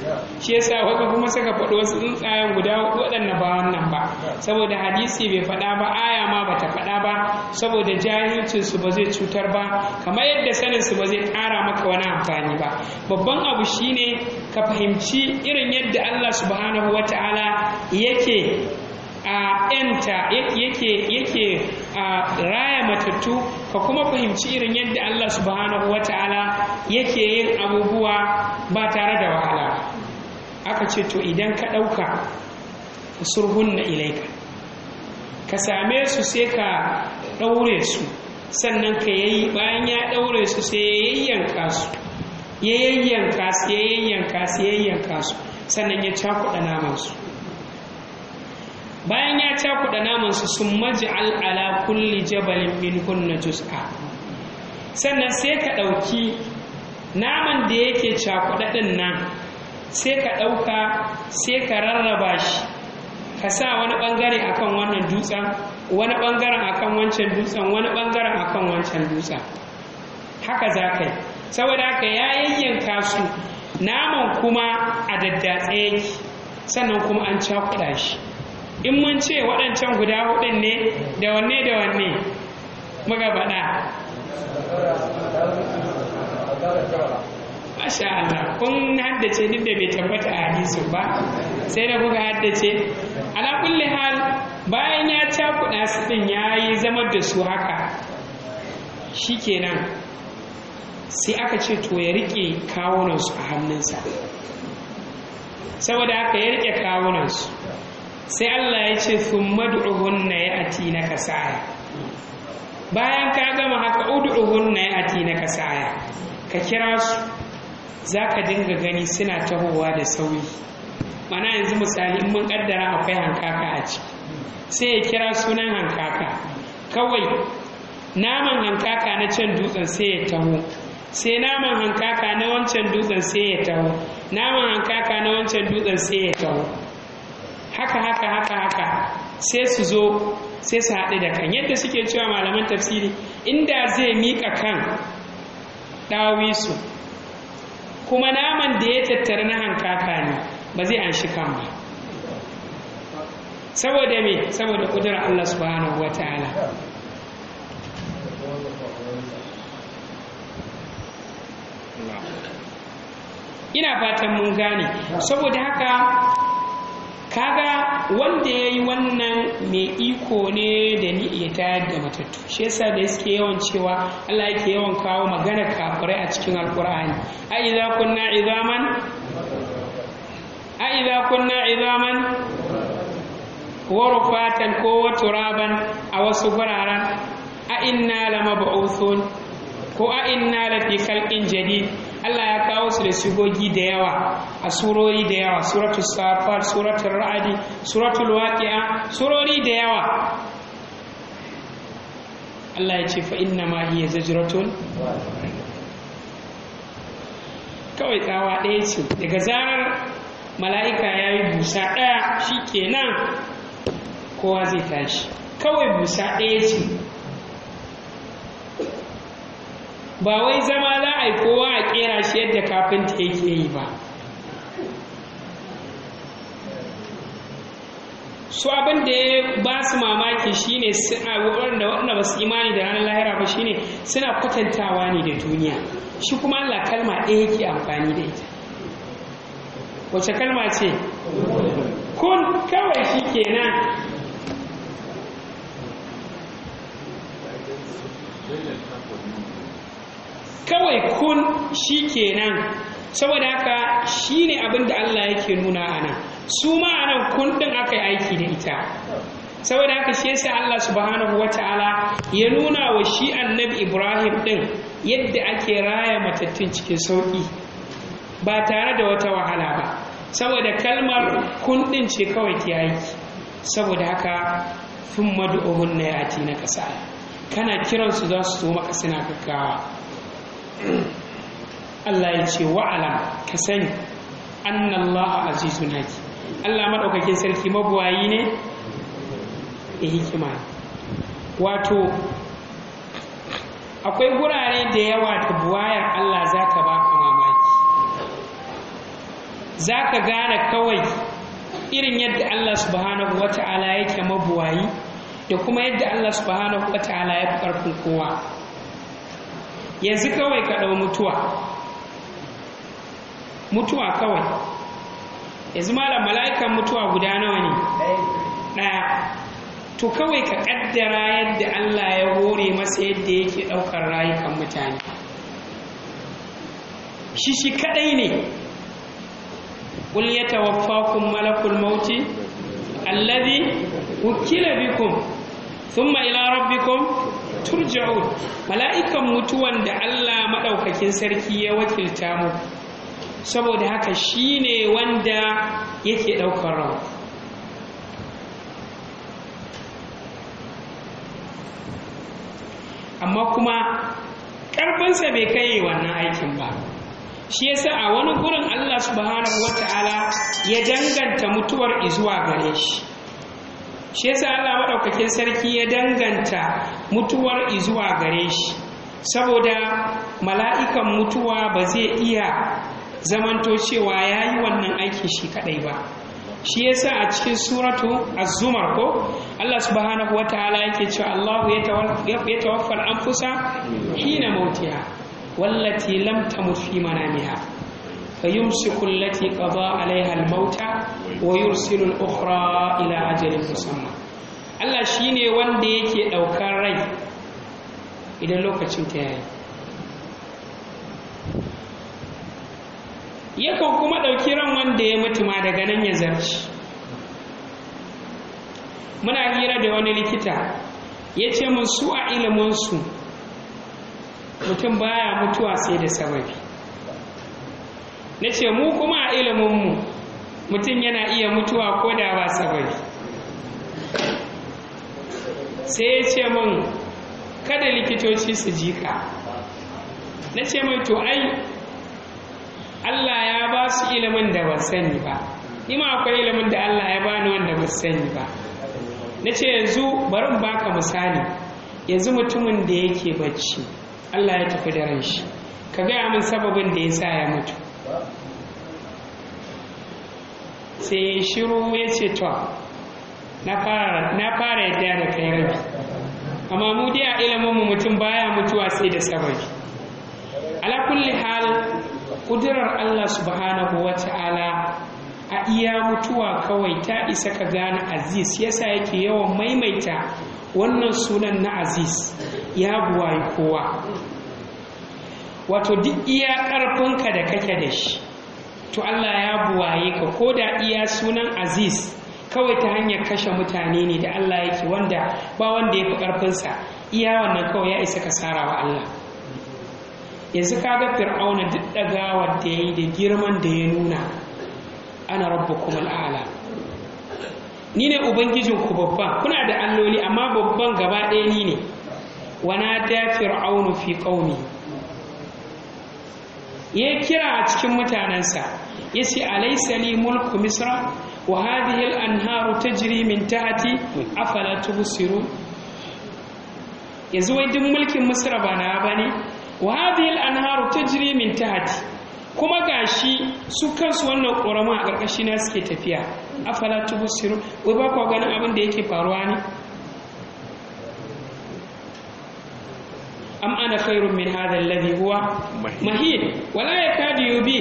Speaker 1: shi yasa waka kuma suka faɗi wasu tsuntsayen guda waɗanda ba wannan ba saboda hadisi bai faɗa ba aya ma bata faɗa ba saboda jahilcin su ba zai cutar ba kamar yadda sanin su ba zai kara maka wani amfani ba babban abu shine ka fahimci irin yadda Allah subhanahu wata'ala yake a yanta yake yake a raya matattu ka kuma fahimci irin yadda Allah subhanahu ta'ala yake yin abubuwa ba tare da wahala aka ce to idan ka ɗauka surhunna ilaika ka same su sai ka ɗaure su sannan ka yayi bayan ya ɗaure su sai ya yayyanka su ya yayyanka su ya yayyanka su ya yayyanka su sannan ya cakuɗa naman su bayan ya cakuɗa namansu sun maji al'ala kulli jabalin min kunna juz'a sannan sai ka ɗauki naman da yake ɗin nan sai ka ɗauka sai ka rarraba shi ka sa wani ɓangare akan wannan dutsen wani ɓangaren akan wancan dutsen wani ɓangaren akan wancan dutsen haka za ka yi saboda haka ya yayyanka su naman kuma a daddatse yake sannan kuma an cakuɗa shi in mun ce waɗancan guda hudun ne da wanne da wanne muka faɗa Masha Allah kun haddace duk da bai tabbata a hadisu ba sai da kuka haddace ala kulli hal bayan ya cakuɗa su ɗin ya yi zama da su haka shi nan, sai aka ce to ya riƙe kawunansu a hannunsa saboda haka ya riƙe kawunansu sai Allah ya ce sun thumma ud'uhunna ati na kasaya bayan ka gama haka ud'uhunna ati na kasaya ka kira su za ka dinga gani suna tahowa da sauyi mana yanzu misali in mun kaddara akwai hankaka a ciki sai ya kira sunan hankaka kawai naman hankaka na can dutsen sai ya taho sai naman hankaka na wancan dutsen sai ya taho naman hankaka na wancan dutsen sai ya taho haka haka haka haka sai su zo sai su haɗe da kan yadda suke cewa malaman tafsiri inda zai miƙa kan ɗawisu kuma naman da ya tattara na hankaka ne ba zai an shi kan ba saboda me saboda ƙudurar Allah subhanahu wa ta'ala ina fatan mun gane saboda haka kaga wanda ya yi wannan mai iko ne da ni ya tayar da matattu shi yasa da suke yawan cewa Allah yake yawan kawo magana kafirai a cikin alkur'ani a idza kunna izaman a idza kunna izaman wa ko wa turaban a wasu guraren a inna lamab'uthun ko a inna lafi khalqin jadid Allah ya kawo su da sigogi da yawa a surori da yawa suratul safar suratul ra'adi suratul waqi'a surori da yawa Allah ya ce fa inna ma hiya zajratun kawai tsawa ɗaya ce daga zarar mala'ika ya yi busa ɗaya shi kenan kowa zai tashi kawai busa ɗaya ce ba wai zama za a yi kowa a kera shi yadda kafinta yake yi ba su abin da ya ba su mamaki shi shine waɗanda waɗanda ba su imani da ranar lahira ba shi ne suna kwatantawa ne da duniya shi kuma Allah kalma ɗaya yake amfani da ita wace kalma ce kun kawai shi kenan Thank kawai kun shi kenan saboda haka shi ne abin da Allah yake nuna a nan su ma a nan kun ɗin aka yi aiki da ita saboda haka shi yasa Allah subhanahu ta'ala ya nuna wa shi annabi Ibrahim ɗin yadda ake raya matattun cikin sauƙi ba tare da wata wahala ba saboda kalmar kun ɗin ce kawai ke aiki saboda haka sun madu'uhun na ya na ƙasa kana kiransu za su zo maka suna gaggawa Allah ya ce wa'ala ka sani annallaha azizun haki Allah maɗaukakin sarki mabuwayi ne da hikima wato akwai gurare da yawa ta buwayar Allah za ka ba ka mamaki za ka gane kawai irin yadda Allah subhanahu wa ta'ala yake mabuwayi da kuma yadda Allah subhanahu wa ta'ala ya fi ƙarfin kowa yanzu kawai ka ɗau mutuwa mutuwa kawai yanzu malam mala'ikan mutuwa guda nawa ne ɗaya to kawai ka ƙaddara yadda allah ya hore masa yadda yake ɗaukar rayukan mutane shi shi kaɗai ne ƙulyata ya tawaffakun malakul mauti alladhi wukila bikum thumma ila rabbikum turja'un mala'ikan mutuwan da Allah maɗaukakin sarki ya wakilta mu saboda haka shine wanda yake ɗaukar rawa amma kuma ƙarfinsa bai kai wannan aikin ba shi yasa a wani gurin Allah subhanahu wata'ala ya danganta mutuwar izuwa gare shi shi yasa Allah maɗaukakin sarki ya danganta mutuwar izuwa gare shi saboda mala'ikan mutuwa ba zai iya zamanto cewa ya yi wannan aikin shi kaɗai ba shi yasa a cikin suratu azumar ko Allah subhanahu wa ta'ala yake cewa Allahu ya tawaffal anfusa hina mautiha wallati lam tamut fi manamiha فيمسك التي قضى عليها الموت ويرسل الأخرى إلى أجل مسمى Allah shi ne wanda yake ɗaukar rai idan lokacin ta yakan kuma ɗauki ran wanda ya mutu ma daga nan ya muna hira da wani likita ya ce mun su a iliminsu mutum baya mutuwa sai da sababi na ce mu kuma a iliminmu mutum yana iya mutuwa ko da ba sabari sai ya ce min kada likitoci su jika na ce mai to ai allah ya ba su ilimin da ba sani ba ima akwai ilimin da allah ya bani wanda ba sani ba na ce yanzu barin baka misali yanzu mutumin da yake bacci allah ya tafi da ran shi ka gaya min sababin da ya sa ya mutu sai shiru ya ce to na fara yadda da kai rabi amma mu dai a ilimin mutum baya mutuwa sai da sababi ala kulli hal kudurar Allah subhanahu wa ta'ala a iya mutuwa kawai ta isa ka gane aziz yasa yake yawan maimaita wannan sunan na aziz ya buwayi kowa wato duk iya ƙarfinka da kake da shi to Allah ya buwaye ka ko da iya sunan aziz kawai ta hanyar kashe mutane ne da Allah yake wanda ba wanda ya fi ƙarfinsa iya wannan kawai ya isa ka sarawa wa Allah yanzu ka ga fir'auna duk ɗagawar da ya yi da girman da ya nuna ana kuma al'ala ni ne ku babban kuna da alloli amma babban gaba ɗaya ni ne wana ta fir'aunu fi ƙaumi ya kira a cikin mutanensa ya ce alaisa li mulku misra wa hadhihi anharu tajri min tahti afala tubsiru yanzu wai duk mulkin misra ba na bane wa hadhihi anharu tajri min tahti kuma gashi su kansu wannan ƙorama a ƙarƙashi na suke tafiya afala tubsiru wai ba ku ganin abin da yake faruwa ne am ana khairun min hadha alladhi huwa mahin wala yakadu yubi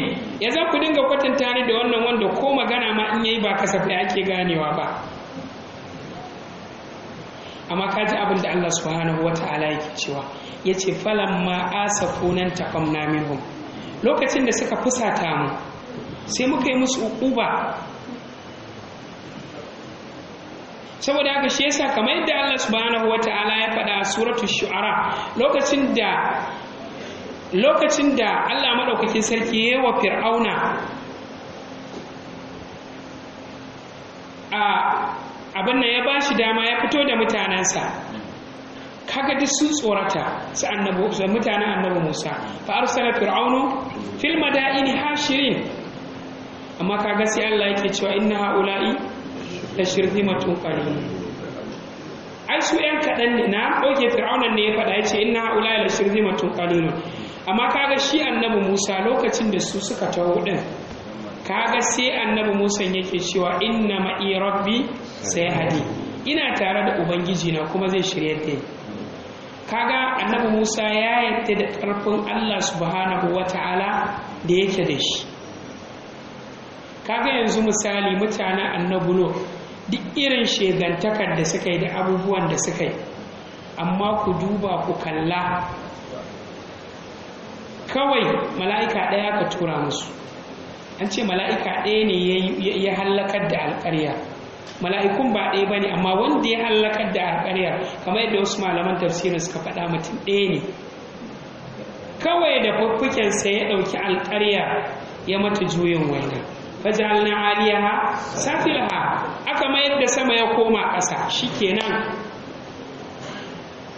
Speaker 1: za ku dinga kwatanta ni da wannan wanda ko magana ma in yayi ba kasafi ake ganewa ba amma kaji abin da Allah subhanahu wata'ala yake cewa yace falamma asafunan taqamna minhum lokacin da suka fusata mu sai muka yi musu uba saboda haka shi yasa kamar yadda Allah subhanahu wata'ala ya faɗa a suratul shu'ara lokacin da lokacin da Allah madaukakin sarki ya wa fir'auna a abin nan ya ba shi dama ya fito da mutanensa kaga duk sun tsorata su annabi mutanen annabi Musa fa arsala fir'aunu fil madaini hashirin amma kaga sai Allah yake cewa inna ha'ula'i da shirzimatun qalil ai su yan kaɗan ne na ɗauke fir'aunan ne ya faɗa ya ce inna haula la shirzimatun qalil amma kaga shi annabi Musa lokacin da su suka taho din kaga sai annabi Musa yake cewa inna ma'i rabbi sai hadi ina tare da ubangiji na kuma zai shirye da ga kaga annabi musa ya yadda da ƙarfin allah subhanahu wa ta'ala da yake da shi kaga yanzu misali mutanen bulo? irin shegantakar da suka yi da abubuwan da suka yi amma ku duba ku kalla kawai mala'ika ɗaya ka tura musu an ce mala'ika ɗaya ne ya hallakar da alƙarya mala'ikun ba ɗaya ba ne amma wanda ya hallakar da alƙarya kamar yadda wasu malaman tafsirin suka faɗa mutum ɗaya ne kawai da fuffukensa ya ɗauki alƙarya ya mata juyin waina fajalna aliyaha safilaha aka mayar da sama ya koma ƙasa shi shikenan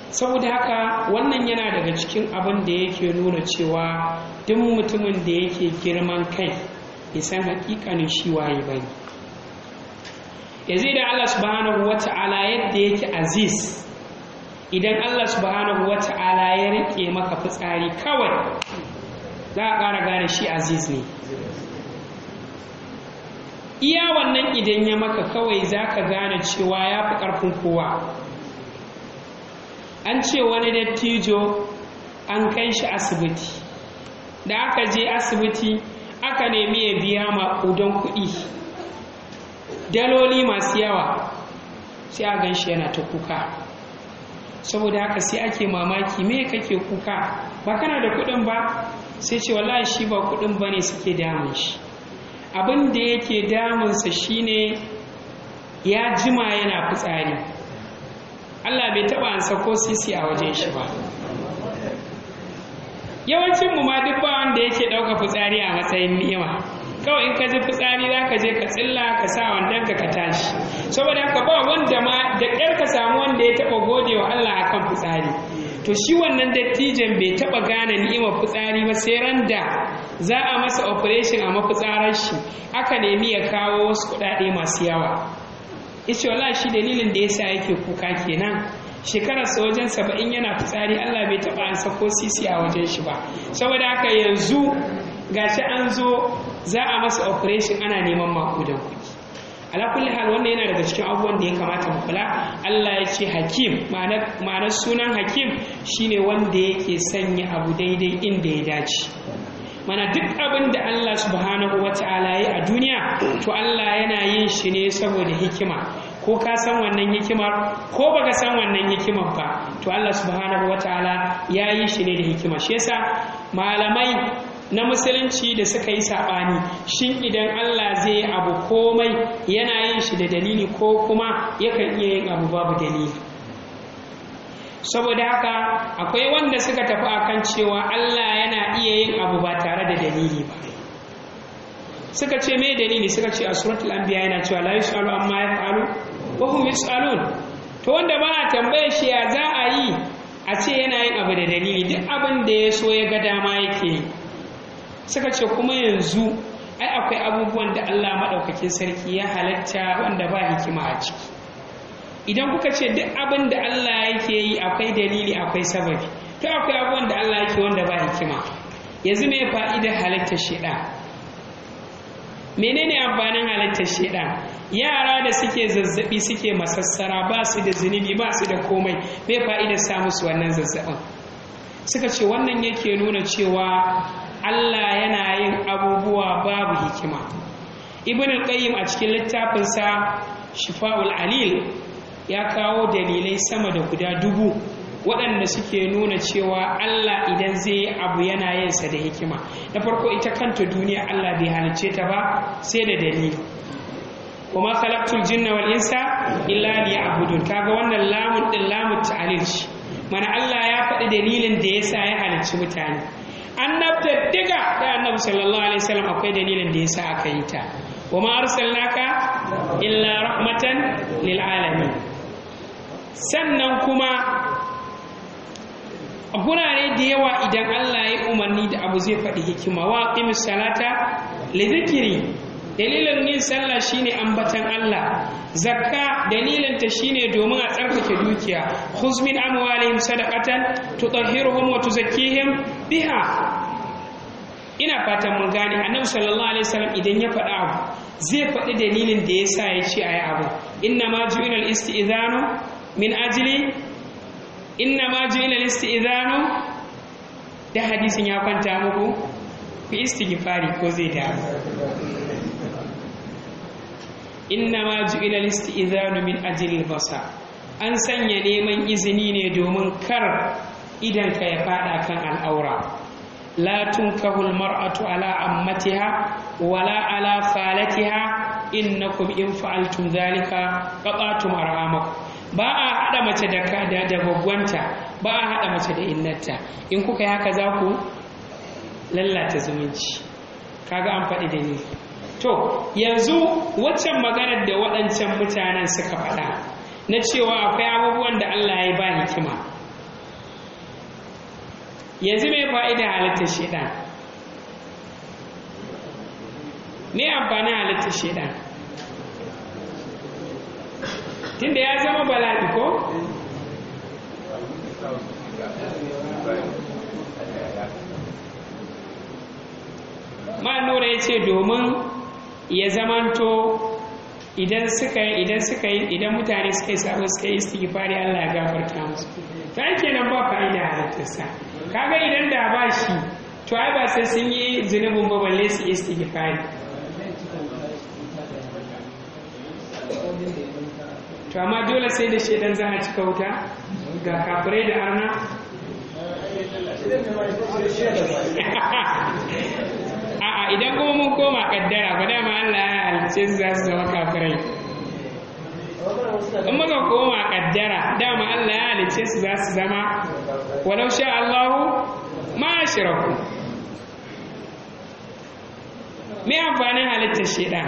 Speaker 1: saboda haka wannan yana daga cikin abin da yake nuna cewa duk mutumin da yake girman kai ya san hakikanin shi waye bane zai da Allah subhanahu wata'ala yadda yake aziz idan Allah subhanahu wata'ala ya rike maka fitsari kawai za a ƙara gane shi aziz ne iya wannan idan ya maka kawai za ka gane cewa ya fi ƙarfin kowa an ce wani dattijo an kai shi asibiti da aka je asibiti aka nemi ya biya udon kuɗi daloli masu yawa sai a gan shi yana ta kuka saboda haka sai ake mamaki me kake kuka ba kana da kuɗin ba sai ce wallahi shi ba kuɗin ba ne suke damun shi abin da yake damunsa shine ya jima yana fitsari allah bai taba ansa ko sisi a wajen shi ba Yawancin mu ma duk ba wanda yake ɗauka fitsari a matsayin ni'ima kawai in ka ji fitsari za ka je ka tsilla ka sa wandon ka tashi saboda haka ba wanda ma da ƙyar ka samu wanda ya taba gode wa Allah akan fitsari to shi wannan dattijan bai taɓa gane ni'imar fitsari ba sai randa za a masa operation a mafitsarar shi aka nemi ya kawo wasu kudade masu yawa ishe wala shi dalilin da ya sa yake kuka kenan shekarar sa wajen saba'in yana fitsari Allah bai taba an sako sisi a wajen shi ba saboda haka yanzu gashi an zo za a masa operation ana neman makudan kuɗi ala kulli hal wannan yana daga cikin abubuwan da ya kamata mu kula Allah ya ce hakim ma'anar sunan hakim shine wanda yake sanya abu daidai inda ya dace mana duk abin da Allah subhanahu wata'ala yi a duniya to Allah yana yin shi ne saboda hikima ko ka san wannan hikimar ko baka san wannan hikimar ba to Allah subhanahu wata'ala ya yi shi ne da hikima shi yasa malamai na musulunci da suka yi saɓani shin idan Allah zai yi abu komai yana yin shi da dalili ko kuma yakan iya yin abu babu dalili saboda haka akwai wanda suka tafi akan cewa Allah yana iya yin abu ba tare da dalili ba suka ce mai dalili suka ce a suratul anbiya yana cewa la yusalu amma yafalu wa hum yusalun to wanda ba a tambaye shi ya za a yi a ce yana yin abu da dalili duk abin da ya so ya ga dama yake yi suka ce kuma yanzu ai akwai abubuwan da Allah maɗaukakin sarki ya halatta wanda ba hikima a ciki idan kuka ce duk abin da Allah yake yi akwai dalili akwai sababi to akwai abubuwan da Allah yake wanda ba hikima yanzu me fa'ida halitta sheda menene amfanin halitta sheda yara da suke zazzabi suke masassara ba su da zunubi ba su da komai me fa'ida sa musu wannan zazzabin suka ce wannan yake nuna cewa Allah yana yin abubuwa babu hikima ibn qayyim a cikin littafinsa shifa'ul alil ya kawo dalilai sama da guda dubu waɗanda suke nuna cewa Allah idan zai yi abu yana yinsa da hikima na farko ita kanta duniya Allah bai halicce ta ba sai da dalili kuma khalaqtul jinna wal insa illa liya'budun kaga wannan lamun din lamun ta'alil shi mana Allah ya faɗi dalilin da yasa ya halicci mutane annabta diga da annabi sallallahu alaihi wasallam akwai dalilin da yasa aka yi ta wa ma arsalnaka illa rahmatan lil alamin sannan kuma a gurare da yawa idan Allah ya umarni da abu zai faɗi hikima wa ƙimis salata li dalilin yin sallah shine ambatan Allah zakka dalilin ta shine domin a tsarkake dukiya khuz min amwalihim sadaqatan tutahhiruhum wa tuzakkihim biha ina fatan mun gane annabi sallallahu alaihi wasallam idan ya faɗa abu zai faɗi dalilin da yasa ya ce ayi abu inna ma ju'ina al-istizanu min ajili inna ma ju'ila listi'zanu da hadisin ya kwanta muku ku istighfari ko zai da inna ma ju'ila listi'zanu min ajli al-basar an sanya neman izini ne domin kar idan ka ya fada kan al'aura la tunkahul mar'atu ala ammatiha wala ala falatiha innakum in fa'altum dhalika qata'tum arhamakum ba a haɗa mace da da ba a haɗa mace da innata in kuka yi haka za ku lallata zumunci kaga an faɗi da ni to yanzu waccan maganar da waɗancan mutanen suka faɗa na cewa akwai abubuwan da Allah ya ba hikima yanzu mai fa'ida halittar shaidan me amfanin halittar shaidan tunda ya zama bala'i ko nura ya ce domin ya zamanto idan suka yi idan suka yi idan mutane suka yi sabon suka yi fari Allah ya gafarta musu ta yake nan ba fa'ida da halittarsa kaga idan da ba shi to ai ba sai sun yi zunubin ba balle su istighfari to amma dole sai da shaidan za a cika wuta ga kafirai da arna a'a idan kuma mun koma kaddara ba dama Allah ya halice su za su zama kafirai in muka koma kaddara dama Allah ya halice su za su zama walau sha Allahu ma shiraku me amfanin halittar shaidan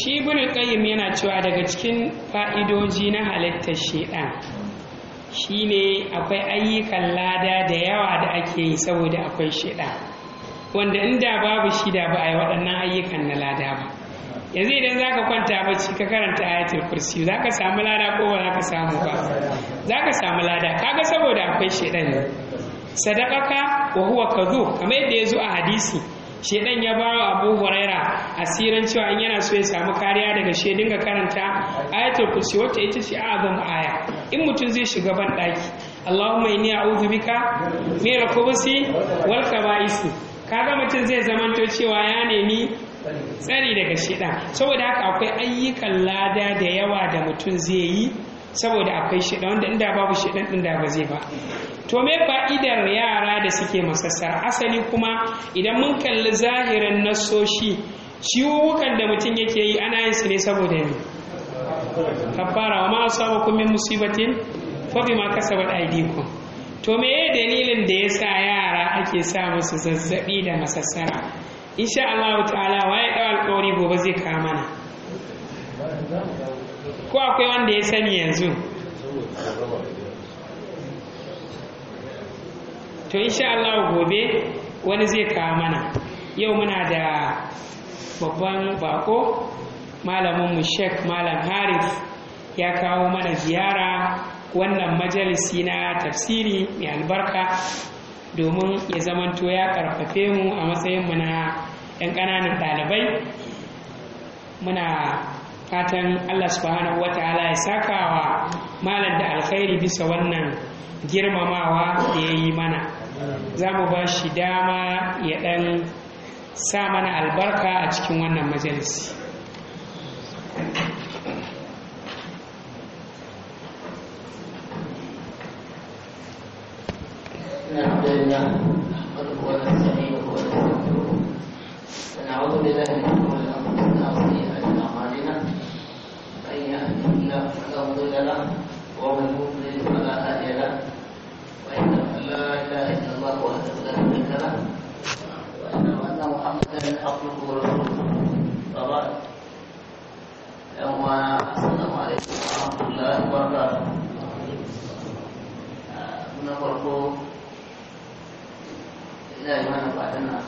Speaker 1: shi ibn qayyim yana cewa daga cikin fa'idoji na halittar shaidan shine akwai ayyukan lada da yawa da ake yi saboda akwai shaidan wanda inda babu shi da ba a yi waɗannan ayyukan na lada ba yanzu idan zaka ka kwanta bacci ka karanta ayatul kursi za ka samu lada ko ba za samu ba za ka samu lada kaga saboda akwai shaidan ne ka, wa huwa kadhub kamar yadda ya zo a hadisi shedan ya bawa abu huraira asirin cewa in yana so ya samu kariya daga shi dinga karanta ayatul kursi wacce ita ce azam aya in mutum zai shiga ban daki allahumma inni a'udhu bika min al-khubusi wal ka kaga mutum zai zamanto cewa ya nemi tsari daga shida saboda haka akwai ayyukan lada da yawa da mutum zai yi saboda akwai shida wanda inda babu shida din da ba zai ba to me fa'idar yara da suke masassar? asali kuma idan mun kalli zahirin nasoshi ciwuwukan da mutum yake yi ana yin su ne saboda ne kafara wa ma asabakum musibatin fa bima kasabat aydikum to meye dalilin da ya sa yara ake sa musu zazzaɓi da masassara insha Allah ta'ala waye da alƙawari gobe zai kawo mana ko akwai wanda ya sani yanzu to insha Allah gobe wani zai kawo mana yau muna da babban bako malamin mu Sheikh Malam Harif ya kawo mana ziyara wannan majalisi na tafsiri mai albarka domin ya zamanto ya karfafe mu a matsayinmu na 'yan ƙananan ɗalibai muna fatan allah subhanahu wa ta'ala ya sakawa malam da alkhairi bisa wannan girmamawa da ya yi mana za mu ba shi dama ya ɗan sa mana albarka a cikin wannan majalisi
Speaker 3: Yeah, yeah, yeah.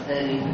Speaker 3: necessarily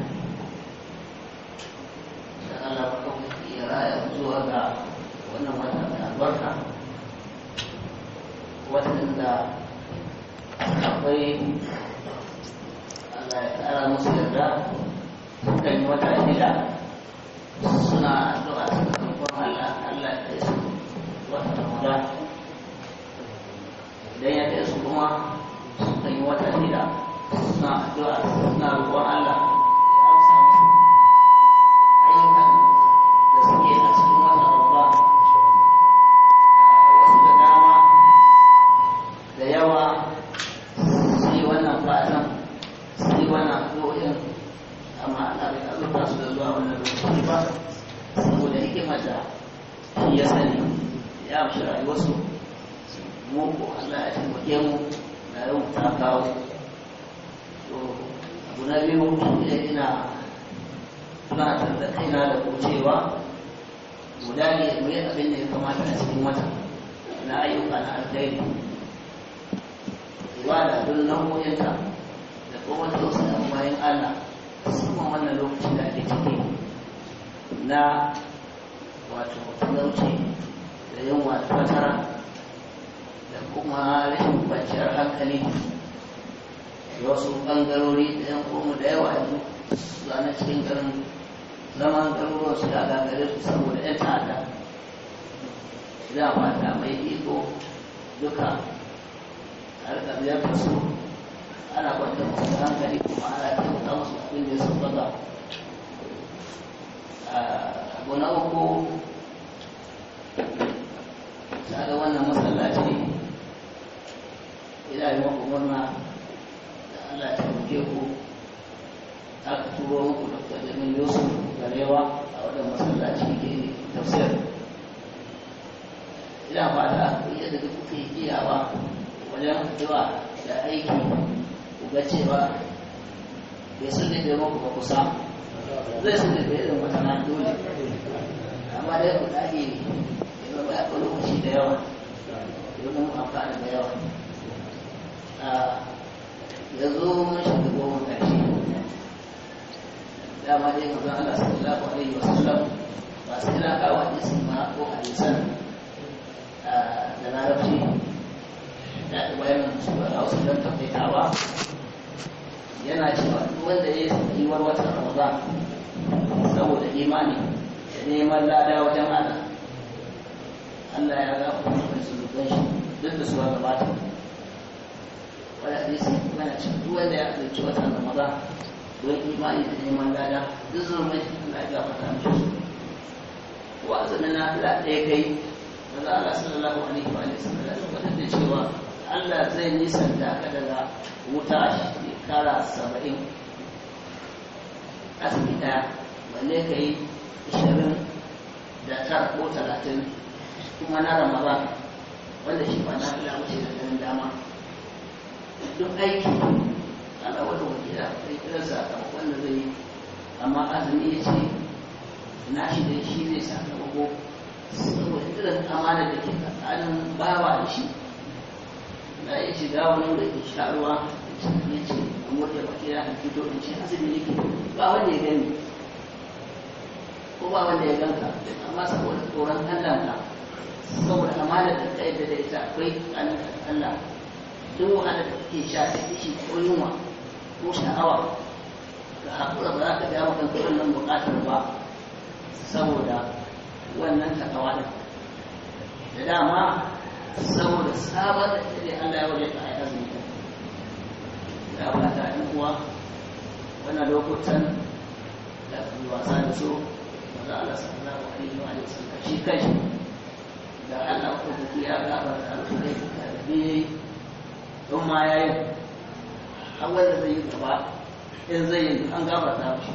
Speaker 3: da kuma tausayin bayan Allah musamman wannan lokaci da ake ciki na wato talauci da yunwa wato fatara da kuma rashin kwanciyar hankali da wasu ɓangarori da yan komu da yawa yanzu zana cikin garin zaman garuruwan su da gagare su saboda yan ta'adda da fata mai iko duka har da biyar su ana kwantar musu hankali kuma ana taimaka musu da ya sauƙaƙa abu na uku ta ga wannan masallaci ina yi maku murna da Allah ya taimake ku aka turo muku da Jamil Yusuf Garewa a wannan masallaci ke tafsir ina fata ku iya da kuke iyawa wajen addu'a da aiki ga cewa bai sun da bai muku ba kusa zai sun da bai irin wata na dole amma dai ku dage ne ya ba ya kwallo kushi da yawa ya domin amfani da yawa ya zo mun shi da goma ƙarshe dama dai ga zan Allah sallallahu alaihi wasallam ba sai na kawo hadisin ma ko a hadisan da larabci da bayanin su ba a wasu lantarki tawa yana cewa wanda ya yi watan ramadan saboda imani da neman lada wajen ana Allah ya ga ku da zuban shi duk da suwa gabata wani hadisi mana cewa duk wanda ya ɗauki watan ramadan don imani da neman lada duk zuban shi Allah ya gafarta mishi wa azumin na fila ɗaya kai da Allah sallallahu alaihi wa sallam ya tabbatar da cewa Allah zai da aka daga wuta shi Tara saba'in asibita wanne ka yi ishirin da tara ko talatin kuma na ramadan wanda shi ba na fila wuce da ganin dama duk aiki ana wata wakila sai kiran sakamakon da zai yi amma azumi ya ce na shi da shi zai sakamako saboda irin amana da ke tsakanin bawa da shi na ya shiga wani da ke sha ruwa ya ce in wata kwakira in fito in ce asibi nake ba wanda ya gani ko ba wanda ya ganka amma saboda tsoron Allah na saboda amanar da ta yadda da ita akwai tsanin Allah duk wanda da ke sha sai shi ko yunwa ko sha'awa da haƙura ba za ka biya maka wannan buƙatar ba saboda wannan takawa da dama saboda sabon da Allah ya wajen ya kamata a yan uwa wannan lokutan da su wasa da su maza Allah sallallahu alaihi wa sallam kashi kashi da Allah ko buki ya gaba da alƙalai da bi don ma yayi awal da zai yi gaba in zai yi an gaba da shi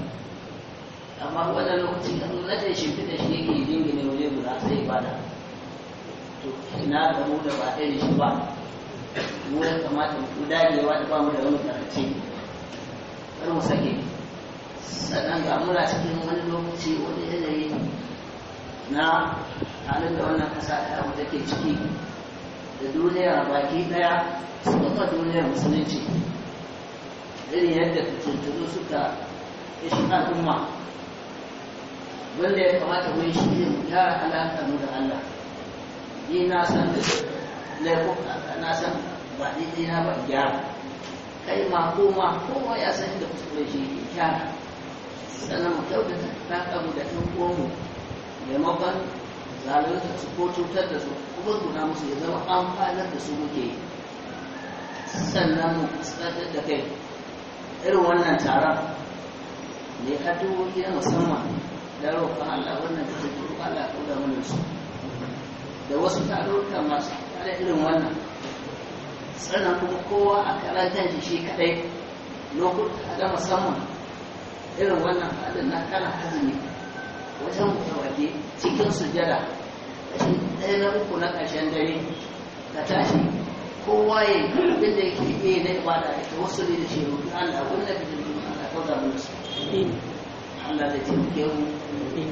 Speaker 3: amma wannan lokacin da Allah zai shimfi da shi yake dingine waje guda sai ibada to ina da mu da ba irin shi ba mu ya kamata mu dagewa da bamu da wani karance kar mu sake sannan ga mura cikin wani lokaci wani yanayi na halin da wannan kasa ta mu take ciki da duniya baki daya suka duniyar musulunci irin yadda fitintunu suka ishi umma. wanda ya kamata mu yi shi ne mu gyara alaƙa mu da Allah ni na san da shi. na san ba daidai na ban gyara kai ma koma kowa ya san inda kuskure shi ke gyara sannan mu kyautata ta kamu da ɗan uwanmu maimakon zalunta su ko cutar da su kuma guna musu ya zama amfanar da su muke yi sannan mu fuskantar da kai irin wannan taron ne addu'o'i na musamman da roƙon Allah wannan da take Allah ya kula mana su da wasu tarurruka masu da irin wannan tsanan kuma kowa a karantar shi shi kadai lokuta a da samun irin wannan halin na kana azumi wajen mutawaki cikin sujada shi ɗaya na uku na ƙarshen dare ka tashi kowa ya abin da yake iya na ibada ya wasu ne da shi rukun Allah wani da bijin rukun Allah ko da mun su Allah da taimake mu ya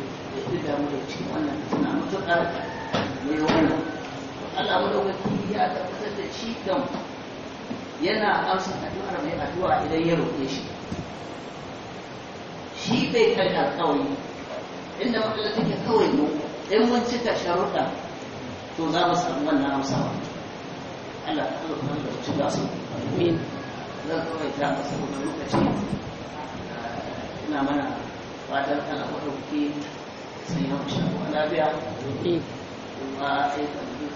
Speaker 3: duk da mu da cikin wannan tunanin mutuƙar ɗarka yi wannan Allah madaukaki ya tabbatar da shi don yana amsa addu'ar mai addu'a idan ya roƙe shi shi bai kai kawai, inda matsala take kawai mu in mun cika sharuɗa to za mu samu wannan amsa amsawa Allah ta Allah kuma da ci gasu amin zan kawai ta masa wannan lokaci ina mana fatan Allah madaukaki sai ya mu shawo lafiya kuma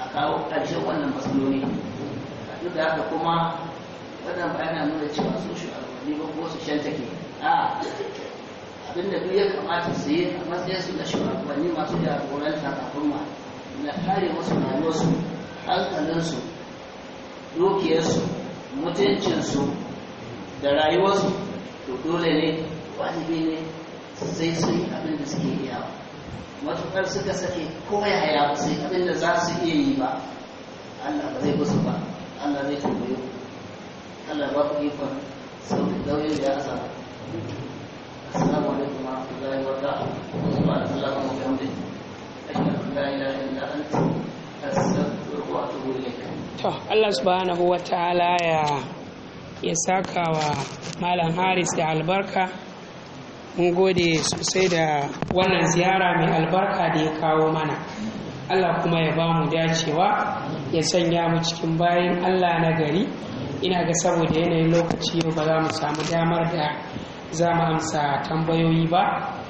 Speaker 3: a kawo ƙarshen wannan matsaloli duk da haka kuma wannan ba yana nuna cewa su shugabanni ba ko su shantake a abinda duk ya kamata su yi a matsayin su na shugabanni masu jagoranta al'umma na kare musu rayuwarsu hankalinsu dukiyarsu mutuncinsu da rayuwarsu to dole ne wajibi ne sai sun yi abin da suke iyawa matuƙar suka sake ko ya haya ba sai abin da za su iya yi ba Allah ba zai musu ba Allah zai tambaye ku Allah ba ku ikon sauƙi dauyin da ya asa السلام عليكم ورحمة الله وبركاته سبحانك اللهم وبحمدك أشهد أن لا إله إلا أنت أستغفرك
Speaker 1: وأتوب إليك to Allah subhanahu wa ta'ala ya ya saka wa malam Haris da albarka mun gode sosai da wannan ziyara mai albarka da ya kawo mana allah kuma ya ba mu dacewa ya sanya mu cikin bayan allah na gari ina ga saboda yanayin lokaci yau ba za mu samu damar da za mu amsa tambayoyi ba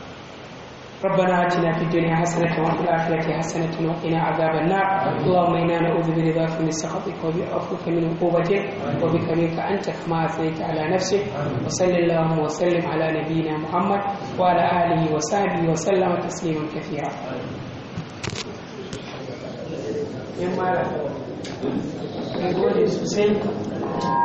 Speaker 1: ربنا آتنا في الدنيا حسنة وفي الآخرة حسنة وقنا عذاب النار اللهم إنا نعوذ برضاك من سخطك وبعفوك من عقوبتك وبك منك أنت كما أثنيت على نفسك وصل اللهم وسلم على نبينا محمد وعلى آله وصحبه وسلم تسليما كثيرا yan mara ya